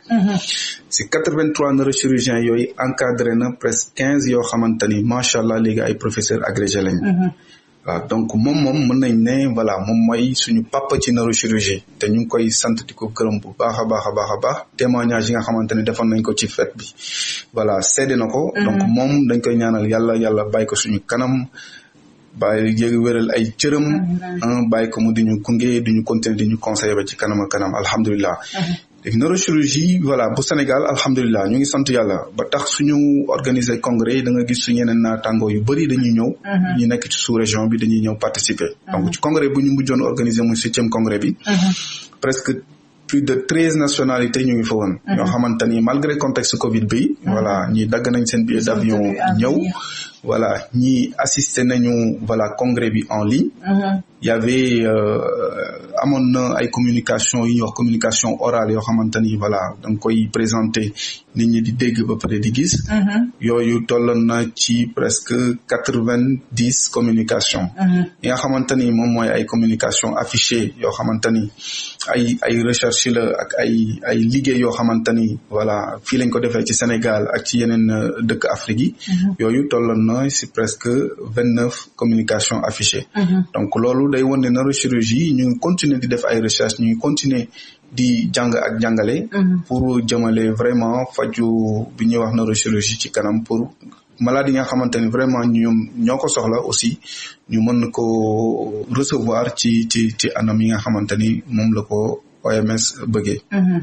si mhm. quatre vingt trois neurochirurgiens yooyu encadré na presque quinze yoo xamante ni macha allah léegi ay professeur agrégé lañ mhm. waaw ah, donc moom moom mën nañ ne voilà moom suñu papa ci neurochirurgie te ñu ngi koy sant di ko gërëm bu baax a baax a baax a baax témoignage yi nga xamante ne defoon nañ ko ci fête bi voilà seede na ko. Mhm. donc moom dañ koy ñaanal yàlla yàlla bàyyi ko suñu kanam. bàyyi jéegi wéral ay cërëm ah, bàyyi ko mu di ñu gunge di ñu continuer di ñu conseiller ba ci kanam kanam alhamdulilah léegi neurochirurgie voilà bu Sénégal alhamdulilah ñu ngi sant yàlla ba tax suñu organiser congrès yi da nga gis suñu yeneen naataangoo yu bëri dañuy ñëw. Mm-hmm. ñu nekk ci sous région bi dañuy ñëw participer. Mm-hmm. donc ci congrès bu ñu mujjoon organiser muy septième congrès bi. Mm-hmm. presque plus de treize nationalités ñu ngi fa woon. ñoo xamante ni malgré contexte Covid bi. voilà ñi dagg nañ seen billet d'avion ñëw. voilà ñi assisté nañu voilà congrès bi en ligne mm-hmm. y e amoon na ay communication yu ñuy communication orale yoo xamante ni voilà da koy présenté nit ñi di dégg ba pare di gis mm-hmm. yooyu tolloon na ci presque quatre-vingt-dix communication mm-hmm. yi nga xamante ni moom mooy ay communication affichée yoo xamante ni ay ay recherche la ak ay ay liggéey yoo xamante ni voilà fii lañ ko defee ci Sénégal ak ci yeneen euh, dëkk Afrique yi yooyu tolloon na si presque vingt neuf communications affichées. Mhm. donc loolu day wane ne neurochirurgie ñu ngi continuer di def ay recherche ñu ngi continuer di jàng ak jàngale. Mhm. pour jëmale vraiment faju bi ñuy wax neurochirurgie ci kanam pour. maladie yi nga xamante ni vraiment ñoom ñoo ko soxla aussi ñu mën ko recevoir ci ci ci anam yi nga xamante ni moom la ko OMS bëggee. Mhm.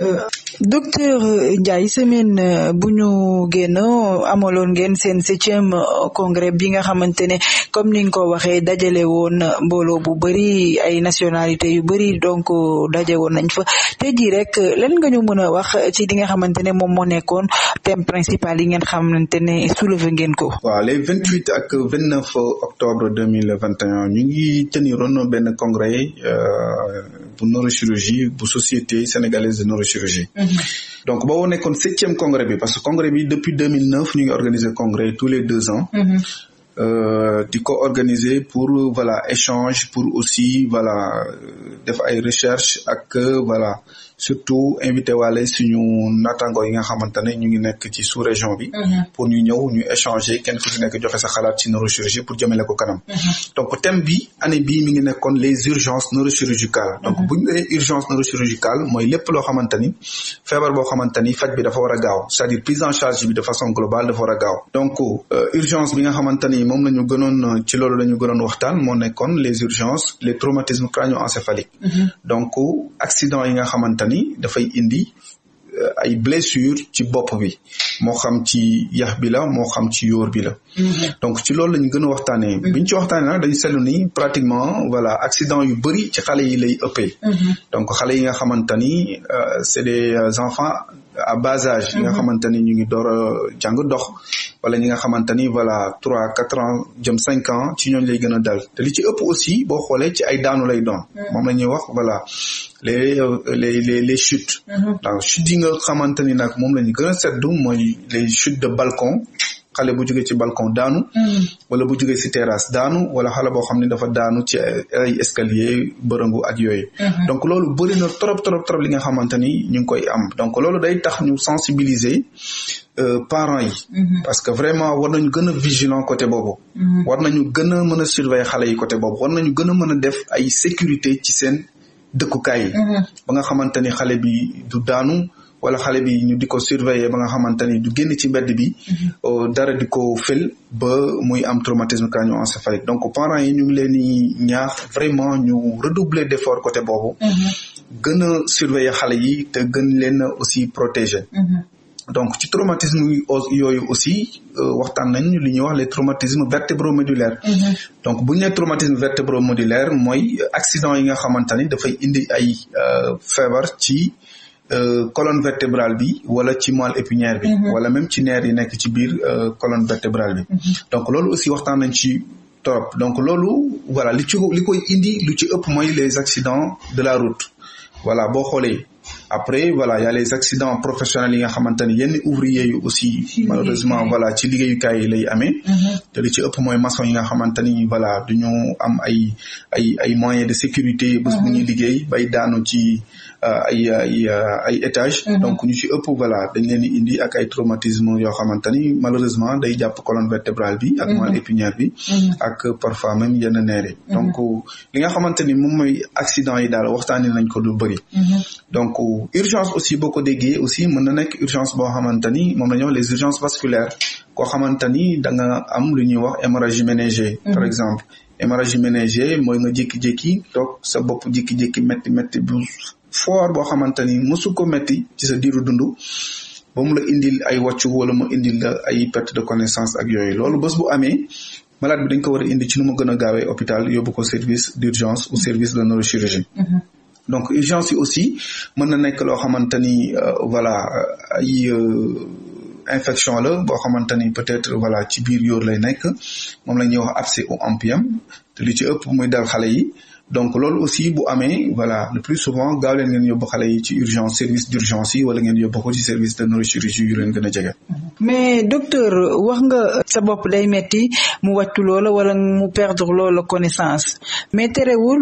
Euh, docteur euh, Ndiaye semaine euh, bu ñu génn amaloon ngeen seen septième congrès bi nga xamante ne comme ni nga ko waxee dajale woon mbooloo bu bëri ay nationalité yu bëri donc daje woon nañ fa te jii rek lan nga ñu mën a wax ci li nga xamante ne moom moo nekkoon thème principal yi ngeen xamante ne soulevé ngeen ko. waaw les vingt huit ak vingt neuf octobre deux mille vingt et un ñu ngi teniroon benn congrès bu neurochirurgie bu société Sénégal sénégalaise de neurochirurgie. Mhm. donc boo nekkoon septième congrès bi parce que congrès bi depuis 2009 ñu ngi organiser congrès tous les deux ans. Mhm. Euh, di ko organiser pour voilà échange pour aussi voilà euh, def ay recherche ak euh, surtout invité waale suñu naataango yi nga xamante ne ñu ngi nekk ci sous région bi mm-hmm. pour ñu ñëw ñu échanger kenn ku ci nekk joxe sa xalaat ci neurochirurgie pour jëmale ko kanam mm-hmm. donc thème bi année bii mi ngi nekkoon les urgences neurochirurgicales donc mm-hmm. bu ñu nee urgence neurochirurgicale mooy lépp loo xamante ni feebar boo xamante ni faj bi dafa war a gaaw c'est-à-dire prise en charge bi de gaaw donc euh, urgence bi nga xamante ni moom la ñu gënoon ci loolu la ñu gënoon waxtaan moo nekkoon les urgences les traumatismes crânio-encéphaliques donc accident yi nga xamante ni dafay indi euh, ay blessure ci bopp bi moo xam ci yax bi la moo xam ci yóor bi la mm-hmm. donc ci loolu lañu gën a waxtaanee mm-hmm. biñ ci waxtaanee nag dañu seetlu ni pratiquement voilà accident yu bëri ci xale yi lay ëppee mm-hmm. donc xale yi nga xamante ni euh, c'est des enfants à basage âge yi nga mhm. xamante ni ñu ngi door jàng dox wala ñi nga xamante ni voilà trois quatre ans jëm cinq ans ci ñooñ lay gën a dal te li ci ëpp aussi boo xoolee ci ay daanu lay doon mhm. moom la ñuy wax voilà les les les les chutes mhm. donc chutes yi nga xamante ni nag moom la ñu gën a seddu mooy les chutes de balkon xale bu jógee ci balkon daanu hmm. wala bu jógee ci terrasse daanu wala xale boo xam ne dafa daanu ci ay escalier bërëngu ak yooyu hmm. donc loolu bëri na trop trop trop li nga xamante ni ñu ngi koy am donc loolu day tax ñu sensibiliser euh, parents yi hmm. parce que vraiment war nañu gën a vigilant côté boobu war nañu gën a mën a surveiller xale yi côté boobu war nañu gën a mën a def ay sécurité ci seen dëkkukaay yi ba nga xamante ni xale bi du daanu wala xale bi ñu di ko surveiller ba nga xamante ni du génn ci mbedd bi mhm. euh, dara di ko fël ba muy am traumatisme crânioencéphalique donc parents yi ñu ngi leen di ñaax vraiment ñu redoubler d'effort côté boobu mhm. gën a surveiller xale yi te gën leen aussi protéger mhm. donc ci traumatisme yooyu aussi euh, waxtaan nañ li ñuy wax les traumatismes vertébromédulaires donc bu ñu nee traumatisme vertébromédulaire mooy accident yi nga xamante ni dafay indi ay euh, feebar ci Euh, colonne vertébrale bi wala ci moelle épinière bi mhm. wala même ci nerf yi nekk ci biir euh, colonne vertébrale bi mhm. donc loolu aussi waxtaan nañ ci torop donc loolu voilà li ci li koy indi lu ci ëpp mooy les accidents de la route wala boo xoolee après voilà y a les accidents professionnels yi nga xamante ne yenn ouvrier yu aussi malheureusement voilà ci liggéeyukaay yi lay amee mhm. te li ci ëpp mooy maçon yi nga xamante ni voilà duñu am ay ay ay moyens de sécurité bés bu ñuy liggéey bay daano ci Euh, ay ay euh, ay étage mhm. donc ñu ci ëpp voilà dañ leen di indi ak ay traumatisme yoo xamante ni malheureusement day jàpp colonne vertébrale bi ak mhm. moelle épinière bi mhm. ak parfois même yenn neer donc li nga xamante ni moom mooy accident yi daal waxtaani nañ ko du bëri donc urgence aussi boo ko aussi mën na nekk urgence boo xamante ni moom la ñuy wax les urgences vasculaires koo xamante ni da am lu ñuy wax hémorragie ménagée par exemple hémorragie ménagée mooy nga jékki-jékki toog sa bopp jékki-jékki métti métti bu foor boo xamante ni mësu ko metti ci sa diiru dund ba mu la indil ay wàccu wala mu indil la ay perte de connaissance ak yooyu loolu bés bu amee malade bi dañ ko war indi ci nu mu gën a gaawee hôpital yóbbu ko service d'urgence ou service de neurochirurgie mm-hmm. donc urgence yi aussi mën na nekk loo xamante ni euh, voilà ay euh, infection la boo xamante ni peut-être voilà ci biir yóor lay nekk moom la ñuy wax abcès ou ampiam te li ci ëpp muy dal xale yi donc loolu aussi bu amee voilà le plus souvent gaaw leen xale yi ci urgence service d'urgence wala ngeen yóbbu ko ci service de neurochirurgie yu leen gën a mais docteur wax nga sa bopp day metti mu wàccu loola wala mu perdre loola connaissance mais terewul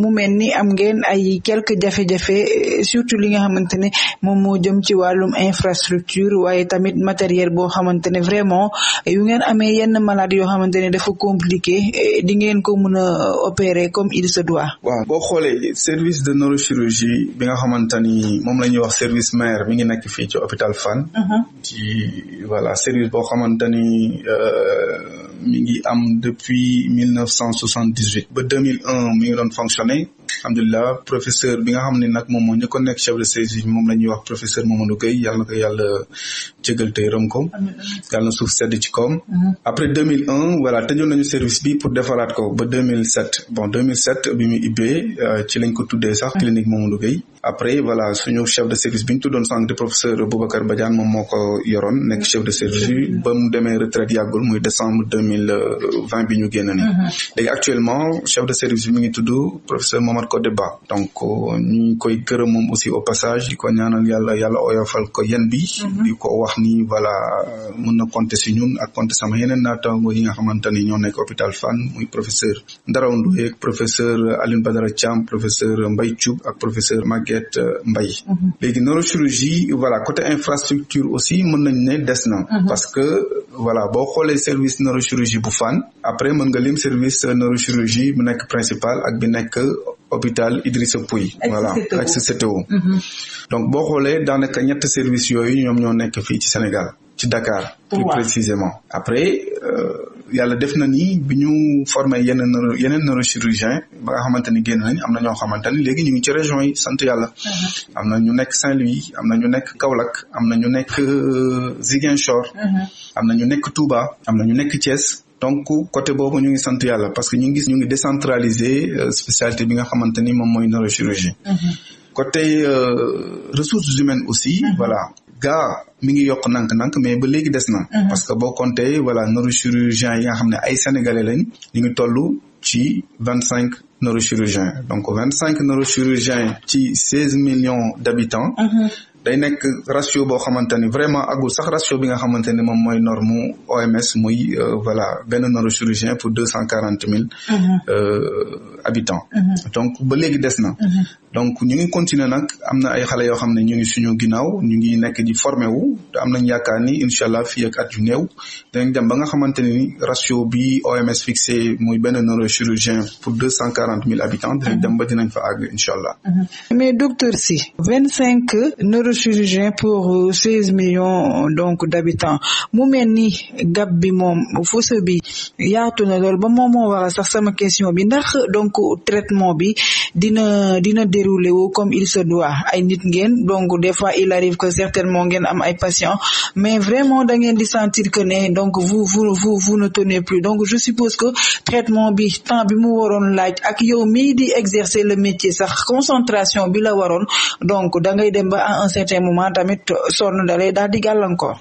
mu mel ni am ngeen ay quelques jafe-jafe surtout li nga xamante ne moom moo jëm ci wàllum infrastructure waaye tamit matériel boo xamante ne vraiment yu ngeen amee yenn malade yoo xamante ne dafa compliqué di ngeen ko mën a opérer comme il se doit. waaw boo xoolee service de neurochirurgie bi nga xamante ni moom la ñuy wax service mère mi ngi nekk fii ci hôpital fan mhm. ci voilà service boo xamante ni euh, mi ngi am depuis mille neuf cent soixante dix huit ba deux mille un mi ngi doon fonctionner. alhamdulilah professeur bi nga xam ne nag moom moo njëkkoon nekk chef de service bi moom la ñuy wax professeur Mamadou Gueye yàlla na ko yàlla jégal tey rëm ko yàlla na suuf sedd ci koom mhm. après 2001 voilà tëjoon nañu service bi pour defaraat ko ba mille 2007 bon 2007 bi mu ubbee euh, ci lañ ko tuddee sax clinique Mamadou Gueye après voilà suñu chef de service bi ñu tuddoon sànq di professeur Boubacar Badiane moom moo ko yoroon nekk chef de service bi mm-hmm. ba mu demee retraite yàggul muy décembre deux mille euh, vingt bi ñu génn nii mm-hmm. léegi actuellement chef de service bi mi ngi tudd professeur Momar Codé Ba donc euh, ñu ngi koy gërëm moom aussi au passage di ko ñaanal yàlla yàlla oyofal ko yen bi mm-hmm. di ko wax ni voilà mën na compter si ñun ak compter sama yeneen naataango yi nga xamante ni ñoo nekk hôpital Fann muy professeur Ndaraw Ndoye professeur Aline Badara Thiam professeur Mbaye Thioub Juliette euh, Mbaye mhm. léegi neurochirurgie voilà côté infrastructure aussi mën nañ ne des na mhm. parce que voilà boo xoolee service neurochirurgie bu Fann après mën nga lim service euh, neurochirurgie bu nekk principal ak bi nekk hôpital Idrissa Pouye voilà ak CCTO mhm. donc boo xoolee daanaka ñett service yooyu ñoom ñoo nekk fii ci Sénégal ci Dakar plus précisément après euh, yàlla def na ni bi ñu formé yenn neuro yeneen neurochirurgien ba nga xamante ni génn nañ am na ñoo xamante ni léegi ñu ngi ci région yi sant yàlla mm-hmm. am na ñu nekk Saint-Louis am na ñu nekk Kaolack am na ñu nekk euh, Ziguinchor mm-hmm. am na ñu nekk Touba am na ñu nekk Thiès donc côté boobu ñu ngi sant yàlla parce que ñu ngi ñu ngi décentraliser euh, spécialité bi nga xamante ni moom mooy neurochirurgie mm-hmm. côté euh, ressources humaines aussi voilà gaa mi ngi yokk nank-nank mais ba léegi des na. Mhm. parce que boo compté voilà neurochirurgien yi nga xam ne ay sénégalais lañ ñu ngi toll ci vingt cinq neurochirurgien donc vingt cinq neurochirurgien ci seize millions d' habitants. Mhm. day nekk ratio boo xamante ni vraiment agul sax ratio bi nga xamante ni moom mooy norme OMS muy euh, voilà benn neurochirurgien pour deux cent quarante mille mm-hmm. euh, habitants mm-hmm. donc ba léegi des na mm-hmm. donc ñu ngi continuer nag am na ay xale yoo xam ne ñu ngi suñu ginnaaw ñu ngi nekk di formé wu te am nañ yaakaar ni incha allah fii ak at yu néew dinañ nga xamante ni ratio bi OMS fixé muy benn neurochirurgien pour deux cent quarante mille habitants dinañ a ba dinañ fa àgg incha allah mais docteur si vingt cinq chirurgien pour euh, seize millions donc d'habitants mu mel ni gab bi moom fossé bi yaatu na lool ba moom moo waral sax sama question bi ndax donc traitement bi dina dina dérouler wu comme il se doit ay nit ngeen donc des fois il arrive que certainement ngeen am ay patients mais vraiment da ngeen di sentir que ne donc vous vous vous vous ne tenez plus donc je suppose que traitement bi temps bi mu waroon laaj ak yow mii di exercer le métier sax concentration bi la waroon donc da certain moment tamit sonn dalay daal di gàllankoor.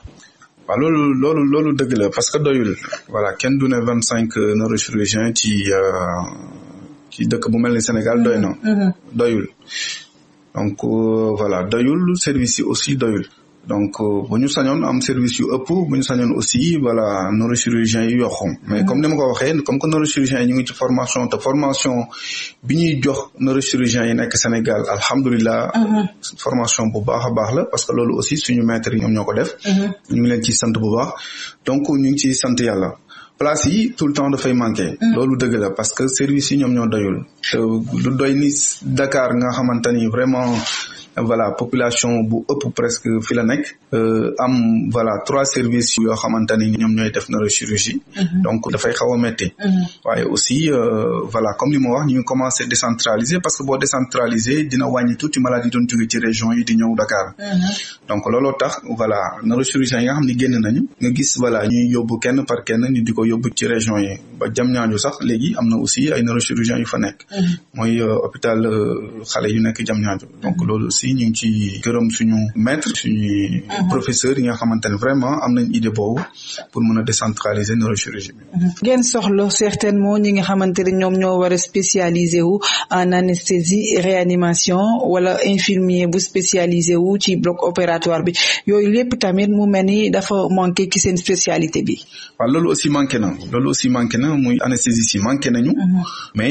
waaw loolu loolu loolu parce que doyul voilà kenn du ne vingt cinq neurochirurgien ci euh, ci dëkk bu mel ni Sénégal doy na. Mm-hmm. Mm-hmm. donc euh, voilà doyul service yi aussi doyul. donc euh, bu ñu sañoon am service yu ëpp bu ñu sañoon aussi voilà neurochirurgien yu yokku mais comme ni ma ko waxee comme que neurochirurgien yi ñu ngi ci formation te formation bi ñuy jox neurochirurgien yi nekk Sénégal alhamdulilah mhm. formation bu baax a baax la parce que loolu aussi suñu maître yi ñoom ñoo ko def mhm. ñu ngi leen ciy sant bu baax donc ñu ngi ciy sant yàlla place yi tout le temps dafay manqué mhm. loolu dëgg la parce que service yi ñoom ñoo doyul te lu doy ni Dakar nga xamante ni vraiment voilà population bu ëpp presque fi la nekk euh, am voilà trois services yoo xamante ni ñoom ñooy def neurochirurgie mhm. donc dafay xaw a métti mhm. waaye aussi euh, vala comme li ma wax ñu commencé décentraliser parce que boo décentraliser dina wàññi tuuti maladie doon jóge ci région yi di ñëw Dakar mhm. donc looloo tax voilà neurochirurgiens yi nga xam ne génn nañu nga gis voilà ñu yóbbu kenn par kenn ñu di ko yóbbu ci région yi ba jam ñaañu sax léegi am na aussi ay neurochirurgiens yu fa nekk mooy euh, hôpital xale yu nekk jam ñaañu aussi ñu ngi ci gërëm suñu maître suñu mhm. professeur yi nga xamante ne vraiment am nañ idée boobu pour mën a décentraliser neurochirurgie bi mhm. ngeen soxla certainement ñi nga xamante ne ñoom ñoo war a spécialisé wu en anesthésie réanimation wala infirmier bu spécialisé wu ci bloc opératoire bi yooyu lépp tamit mu mel ni dafa manqué ci seen spécialité bi waaw loolu manqué na loolu aussi manqué na muy anesthésiste yi manqué nañu mhm.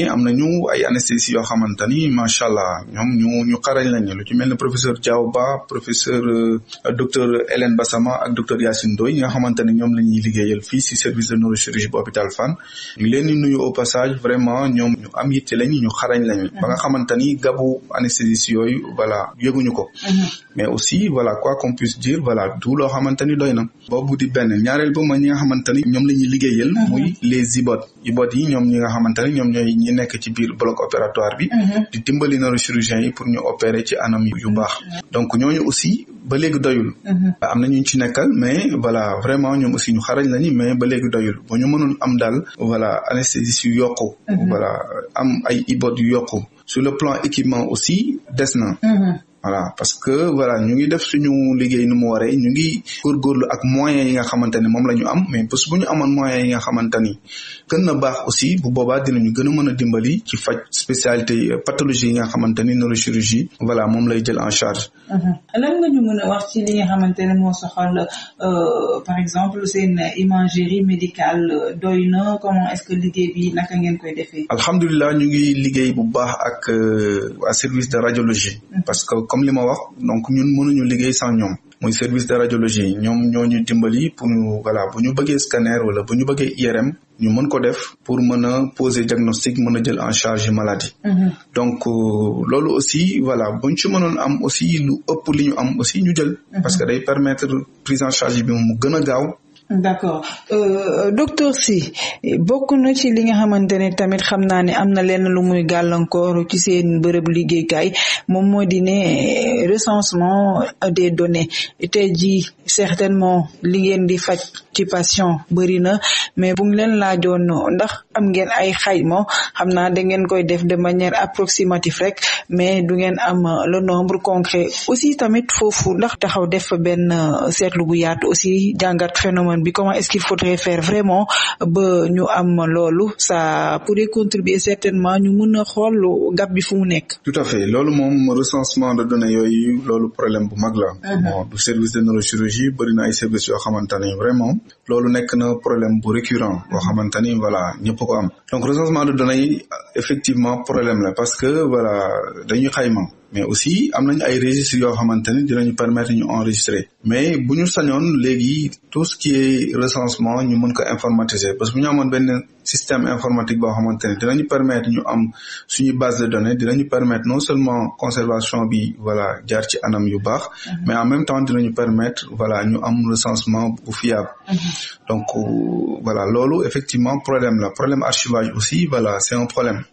ay anesthésistes yoo xamante ni allah ñoom ñu ñu xarañ lañu mel ne professeur Diaw Ba professeur euh, docteur Hélène Bassama ak docteur Yacine Ndoye ñi ne ñoom la ñuy liggéeyal fii si service de neurochirurgie bu hôpital Fann ñu leen di nuyu au passage vraiment ñoom ñu am yitte lañu ñu xarañ lañu mm-hmm. ba nga xamante ni gabu anesthésiste yooyu voilà yëguñu ko mm-hmm. mais aussi voilà quoi qu'on puisse dire voilà du loo xamante ni doy na boobu di benn ñaareel ba ma ñi nga ni ñoom la ñuy liggéeyal mm-hmm. muy les ibot ibot yi ñoom ñi nga xamante ni ñoom ñooy ñi nekk ci biir bloc bi di dimbali neurochirurgien yi pour ñu opérer yu baax donc ñooñu aussi ba léegi doyul mhm. am na ñu ci nekkal mais voilà vraiment ñoom aussi ñu xarañ lañu mais ba léegi doyul ba ñu mënoon am daal voilà anesthésistes yu yokku mhm. voilà am ay ibot yu yokku sur le plan équipement aussi des na mhm. voilà parce que voilà ñu ngi def suñu liggéey nu mu waree ñu ngi góorgóorlu ak moyens yi nga xamante ni moom la ñu am mais bés bu ñu amoon moyens yi nga xamante ni gën na baax aussi bu boobaa dinañu gën a mën a dimbali ci faj spécialité pathologie yi nga xamante ni neurochirurgie wala moom lay jël en charge lan nga mën a wax ci li nga xamante ne moo soxal euh, par exemple seen imagerie médicale euh, doy na est-ce que liggéey bi naka ngeen koy defee. alhamdulilah ñu ngi liggéey bu baax ak euh, waa service de radiologie. parce que comme li ma wax donc ñun mënuñu liggéey sans ñoom. muy service de radiologie ñoom ñoo ñu dimbali pour ñu voilà bu ñu bëggee scanner wala bu ñu bëggee IRM ñu mën ko def pour mën a poser diagnostic mën a jël en charge maladie. Mm-hmm. donc euh, loolu aussi voilà bu ñu ci mënoon am aussi lu ëpp li ñu am aussi ñu jël. Mm-hmm. parce que day permetre prise en charge bi mu gën a gaaw. d'accord euh, docteur Sy bokk na ci li nga xamante ne tamit xam naa ne am na lenn lu muy gàllankoor ci seen bërëb liggéeykaay moom moo di ne recensement des données tey jii certainement li ngeen di faj ci patient bëri na mais bu ngi leen laajoon ndax am ngeen ay xayma xam naa da ngeen koy def de manière approximative rek mais du ngeen am le nombre concret aussi tamit foofu ndax taxaw def fa benn seetlu bu yaatu aussi jàngat phénomène bi comment est-ce qu'il faudrait faire vraiment ba ñu am saa ça pourrait contribuer certainement ñu mën a xool gap bi fu mu nekk. tout à fait loolu moom recensement de données yooyu loolu problème bu mag la. Mhm. technologie bëri na ay services yoo xamante ne vraiment loolu nekk na problème bu récurrent boo xamante ni voilà ñëpp am donc recensement de données effectivement problème la parce que voilà dañuy xayma mais aussi am nañu ay registres yoo xamante ni dinañu permettre ñu enregistrer mais bu ñu sañoon léegi tout ce qui est recensement ñu mën ko informatiser parce que bu ñu amoon benn système informatique boo xamante ni dinañu permettre ñu am suñu base de données dinañu permettre non seulement conservation bi voilà jaar ci anam yu baax mhm. mais en même temps dinañu permettre voilà ñu am recensement bu fiable mhm. donc euh, voilà loolu effectivement problème la problème archivage aussi voilà c'est un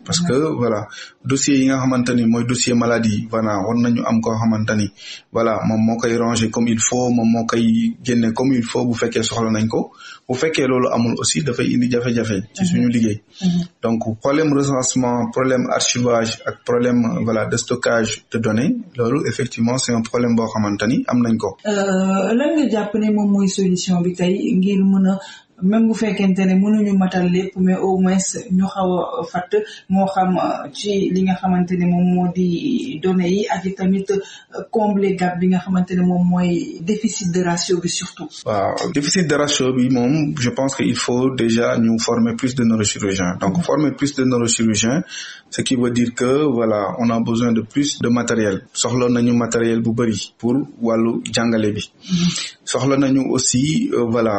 parce mhm. que voilà dossier yi nga xamante ni mooy dossier maladie ay voilà war nañu am koo xamante ni voilà moom moo koy ranger comme il faut moom moo koy génne comme il faut bu fekkee soxla nañ ko bu fekkee loolu amul aussi dafay indi jafe-jafe ci mhm. suñu liggéey mhm. donc problème recensement problème archivage ak problème voilà de stockage de données loolu effectivement c'est un problème boo xamante am nañ ko euh, lan nga jàpp ne moom mooy solution bi tey ngir mën même bu fekkente ne mënuñu matal lépp mais au moins ñu xaw a moo xam euh, ci li nga xamante ne moom moo di données yi ak i tamit euh, bi nga xamante ne moom mooy déficit de ratio bi surtout. waaw déficit de ratio bi moom je pense que il faut déjà ñu former plus de neurochirurgiens donc former plus de neurochirurgiens ce qui veut dire que voilà on a besoin de plus de matériel soxla nañu matériel bu bëri pour wàllu jàngale bi. Mm-hmm. soxla nañu aussi euh, voilà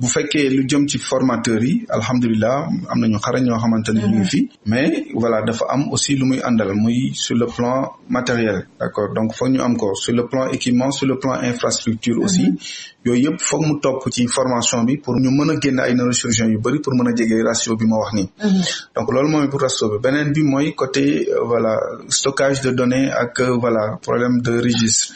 bu fekkee lu jëm ci formateurs yi alhamdulilah am nañu xarañ ñoo xamante ne ñu ngi mhm. fi mais voilà dafa am aussi lu muy àndal muy sur le plan matériel d'accord donc foog ñu am ko sur le plan équipement sur le plan infrastructure aussi mhm. yooyu yëpp foog mu topp ci formation bi pour ñu mën a génn ay neurochirurgiens yu bëri pour mën a jege ratio bi ma wax nii mhm. donc loolu mooy pour ratio bi beneen bi mooy côté euh, voilà stockage de données ak euh, voilà problème de registre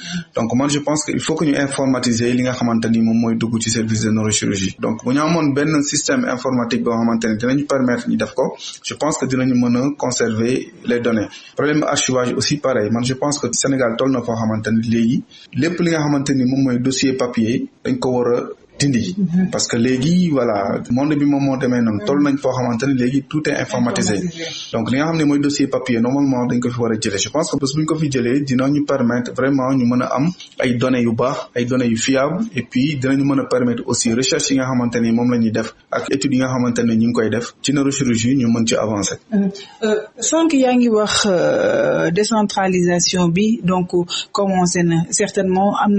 nga xamante ni moom mooy dugg ci service de neurochirurgie donc bu ñu amoon benn système informatique boo xamante ni dinañu permettre ñu def ko je pense que dinañu mën a conserver les données problème archivage aussi pareil man je pense que Sénégal toll na foo xamante ni léegi lépp li nga xamante ni moom mooy dossier papier dañ ko war dindi mhm. parce que léegi voilà monde bi moom moo toll nañ foo xamante ne tout est informatisé donc li nga mooy dossier papier normalement dañ ko fi war a je pense ñu ko a am ay données yu baax ay données yu fiable et puis dinañu mën a permettre aussi recherche yi nga xamante moom la def ak études nga xamante ne koy def ci neurochirurgie ñu mën ci avancer. Euh, euh, sànq yaa ngi wax euh, décentralisation bi donc commencé na certainement am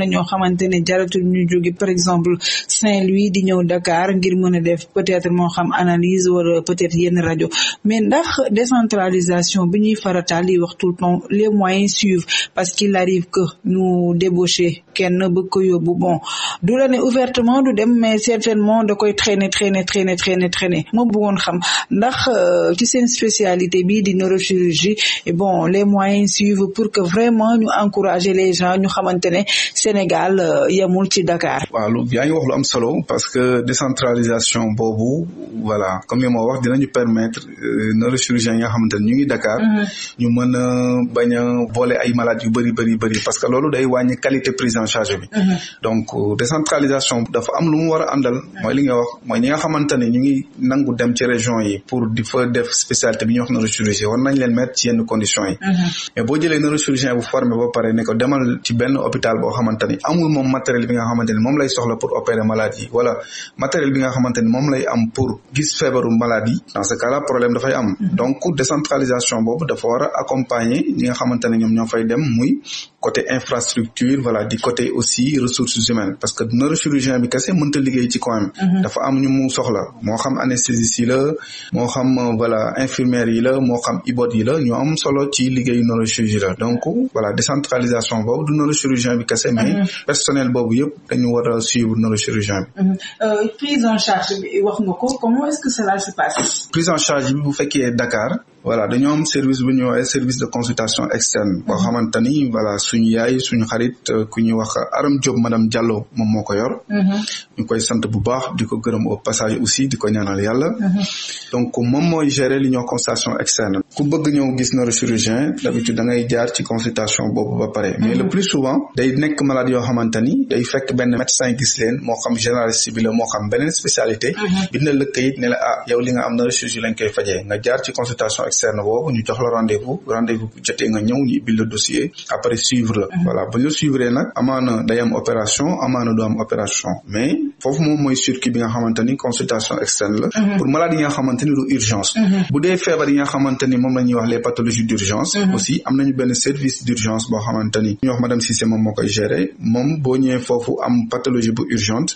Saint-Louis di ñëw Dakar ngir mën a def peut moo xam analyse wala peut-être yenn rajo mais ndax décentralisation bi ñuy faratal di wax tout le temps les moyens suivent parce qu'il arrive que ñu débaucher kenn bëgg ko yóbbu bon du la ne ouvertement du dem mais certainement da koy traîner traîner traîner traîner traîner ma bëggoon xam ndax euh, ci seen spécialité bi di neurochirurgie et bon les moyens suivent pour que vraiment ñu encourager les gens ñu xamante ne Sénégal euh, yemul ci Dakar. waaw am solo parce que décentralisation boobu voilà comme yow moo wax dinañu permettre euh, neurochirurgien yi nga xamante ne ñu ngi Dakar. Mm-hmm. ñu mën a bañ a boole ay malades yu bëri bëri bëri parce que loolu day wàññi qualité prise en charge bi. Mm-hmm. donc euh, décentralisation dafa am lu mu war a àndal. mooy li wax mooy ñi nga ñu ngi nangu dem ci région yi pour di fa def spécialité bi ñuy wax neurochirurgie war nañ leen mettre ci yenn conditions yi. Mm-hmm. mais boo jëlee neurochirurgien bu formé ba pare malade yi wala matériel bi nga xamante ni moom lay am pour gis feebaru malade yi dans ce cas là problème dafay am mm-hmm. donc décentralisation boobu dafa war a accompagner ñi nga xamante ne ñoom ñoo fay dem muy côté infrastructure voilà di côté aussi ressources humaines parce que neurochirurgien bi kese mënta liggéey ci coin mm-hmm. dafa am ñu mu soxla moo xam anesthésiste yi la moo xam voilà infirmière yi la moo xam ibot yi la ñoo am solo ci liggéeyu neurochirurgie la donc voilà bi kese mais mm-hmm. personnel boobu yëpp dañu war a suivre neurochirurgie prévision bi. Mhm. Euh, prise en charge bi wax nga ko comment est-ce que cela se passe. prise en charge bi bu fekkee Dakar. voilà dañoo am service bu ñuy woowee service de consultation externe boo mhm. xamante ni voilà suñu yaay suñu xarit euh, ku ñuy wax Aram Diop madame Diallo moom moo ko yor. Mhm. koy sant bu baax di ko gërëm au passage di ko ñaanal yàlla. Mhm. donc moom mooy gérer li ñoo consultation externe. ku bëgg ñëw gis na d'habitude da ngay jaar ci consultation boobu ba pare. mais le plus souvent day nekk malade yoo day fekk benn médecin gis moo xam généraliste bi moo xam beneen spécialité. bind la kayit ne la ah yow li nga koy fajee nga jaar ci consultation. externe boobu ñu jox la rendez-vous rendez-vous bu jotee nga ñëw ñu ubbi le dossier après suivre la mhm. voilà bu ñu suivre nag amaana day am opération amaana du am opération mais foofu moom mooy circuit bi nga xamante consultation externe la mhm. pour malade yi nga du urgence mhm. bu dee feebar yi nga xamante ni moom wax les pathologies d'urgence aussi am nañu benn service d'urgence boo xamante ñu wax madame Cissé moom koy gérer moom boo ñëwee foofu am pathologie bu urgente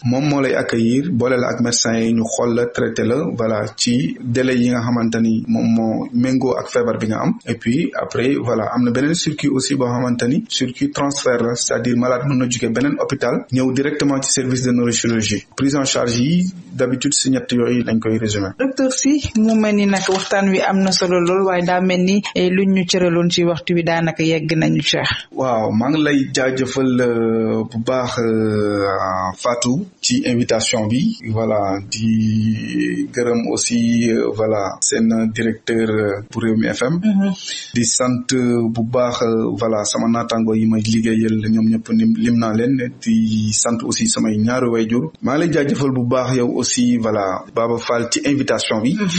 méngoo ak feebar bi nga am et puis après voilà am na beneen circuit aussi boo xamante ni circuit transfert la c'est-à-dire malade mën na jóge beneen hôpital ñëw directement ci service de neurochirurgie prise en charge yi d'habitude si ñett lañ koy résumé. docteur si mu mel ni waxtaan wi am na solo lool waaye daa mel ni eh, luñ ñu cëraloon ci waxtu bi daanaka yegg nañu ci. waaw maa lay jaajëfal euh, bu baax euh, Fatou ci invitation bi voilà di gërëm aussi euh, voilà seen directeur bu mi FM mhm. di sant euh, bu baax euh, voilà sama naataango yi may liggéeyal ñoom ñëpp lim naa leen di sant aussi samay ñaari wayjur maa lay jaajëfal bu baax yow aussi voilà Baba fal ci invitation bi mhm.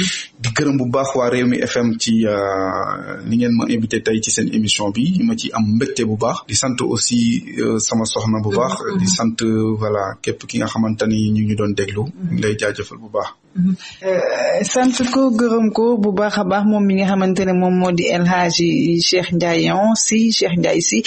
di gërëm bu baax waa mi FM ci li euh, ngeen ma invité tey ci seen émission bi ma ci am mbégte bu baax di sant aussi sama soxna bu mhm. baax di sant voilà képp ki nga xamante ni ñu ngi doon déglu lay jaajëfal bu baax Euh, sant ko gërëm ko bu baax a baax moom mi nga xamante ne moom moo di El Hadji Cheikh Ndiaye si Cheikh Ndiaye si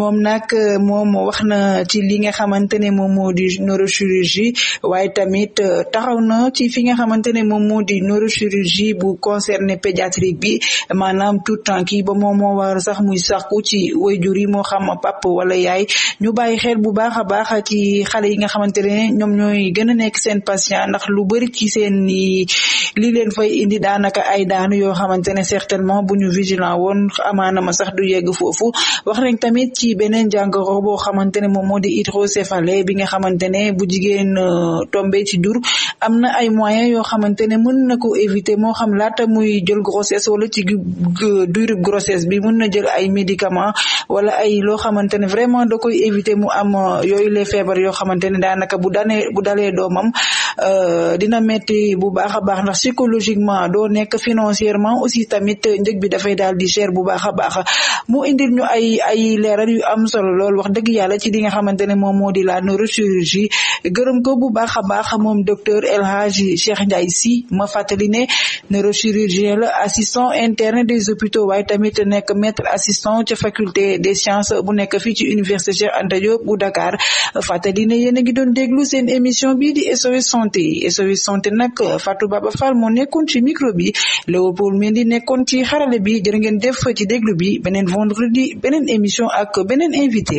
moom nag euh, moom wax na ci li nga xamante ne moom moo di neurochirurgie waaye tamit euh, taxaw na ci fi nga xamante ne moom moo di neurochirurgie bu concerné pédiatrie bi maanaam tout temps kii ba moom moo war sax muy sàkku ci waajur yi moo xam pap wala yaay ñu bàyyi xel bu baax a baax ci xale yi nga xamante ne ñoom ñooy gën a nekk seen patient ndax lu bari ci seen yenn yi li leen indi daanaka ay daanu yoo xamante ne certainement bu ñu vigilant woon amaana ma sax du yegg foofu wax nañ tamit ci beneen jàngoro boo xamante ne moom moo di hydrocéphalie bi nga xamante ne bu jigéen euh, tombé ci jur am na ay moyens yoo xamante ne mën na ko éviter moo xam laata muy jël grossesse wala ci duru grossesse bi mën na jël ay médicament wala ay loo xamante ne vraiment do koy éviter mu am euh, yooyu les feebar yoo xamante ne daanaka bu danee bu dalee doomam euh, dina metti liggéey bu baax a baax ndax psychologiquement doo nekk financièrement aussi tamit njëg bi dafay daal di cher bu baax a baax mu indil ñu ay ay leeral yu am solo lool wax dëgg yàlla ci li nga xamante ne moom moo di la neurochirurgie gërëm ko bu baax a baax moom docteur El Hadji Cheikh Ndiaye Sy ma fàttali ne neurochirurgien la assistant interne des hôpitaux waaye tamit nekk maître assistant ca faculté des sciences bu nekk fii ci université Cheikh Anta Diop bu Dakar fàttali ne nag ba ba Fall moo nekkoon ci micro bi Léopold Mendy nekkoon ci xarale bi jërë ngeen def ci déglu bi beneen vendredi beneen émission ak beneen invité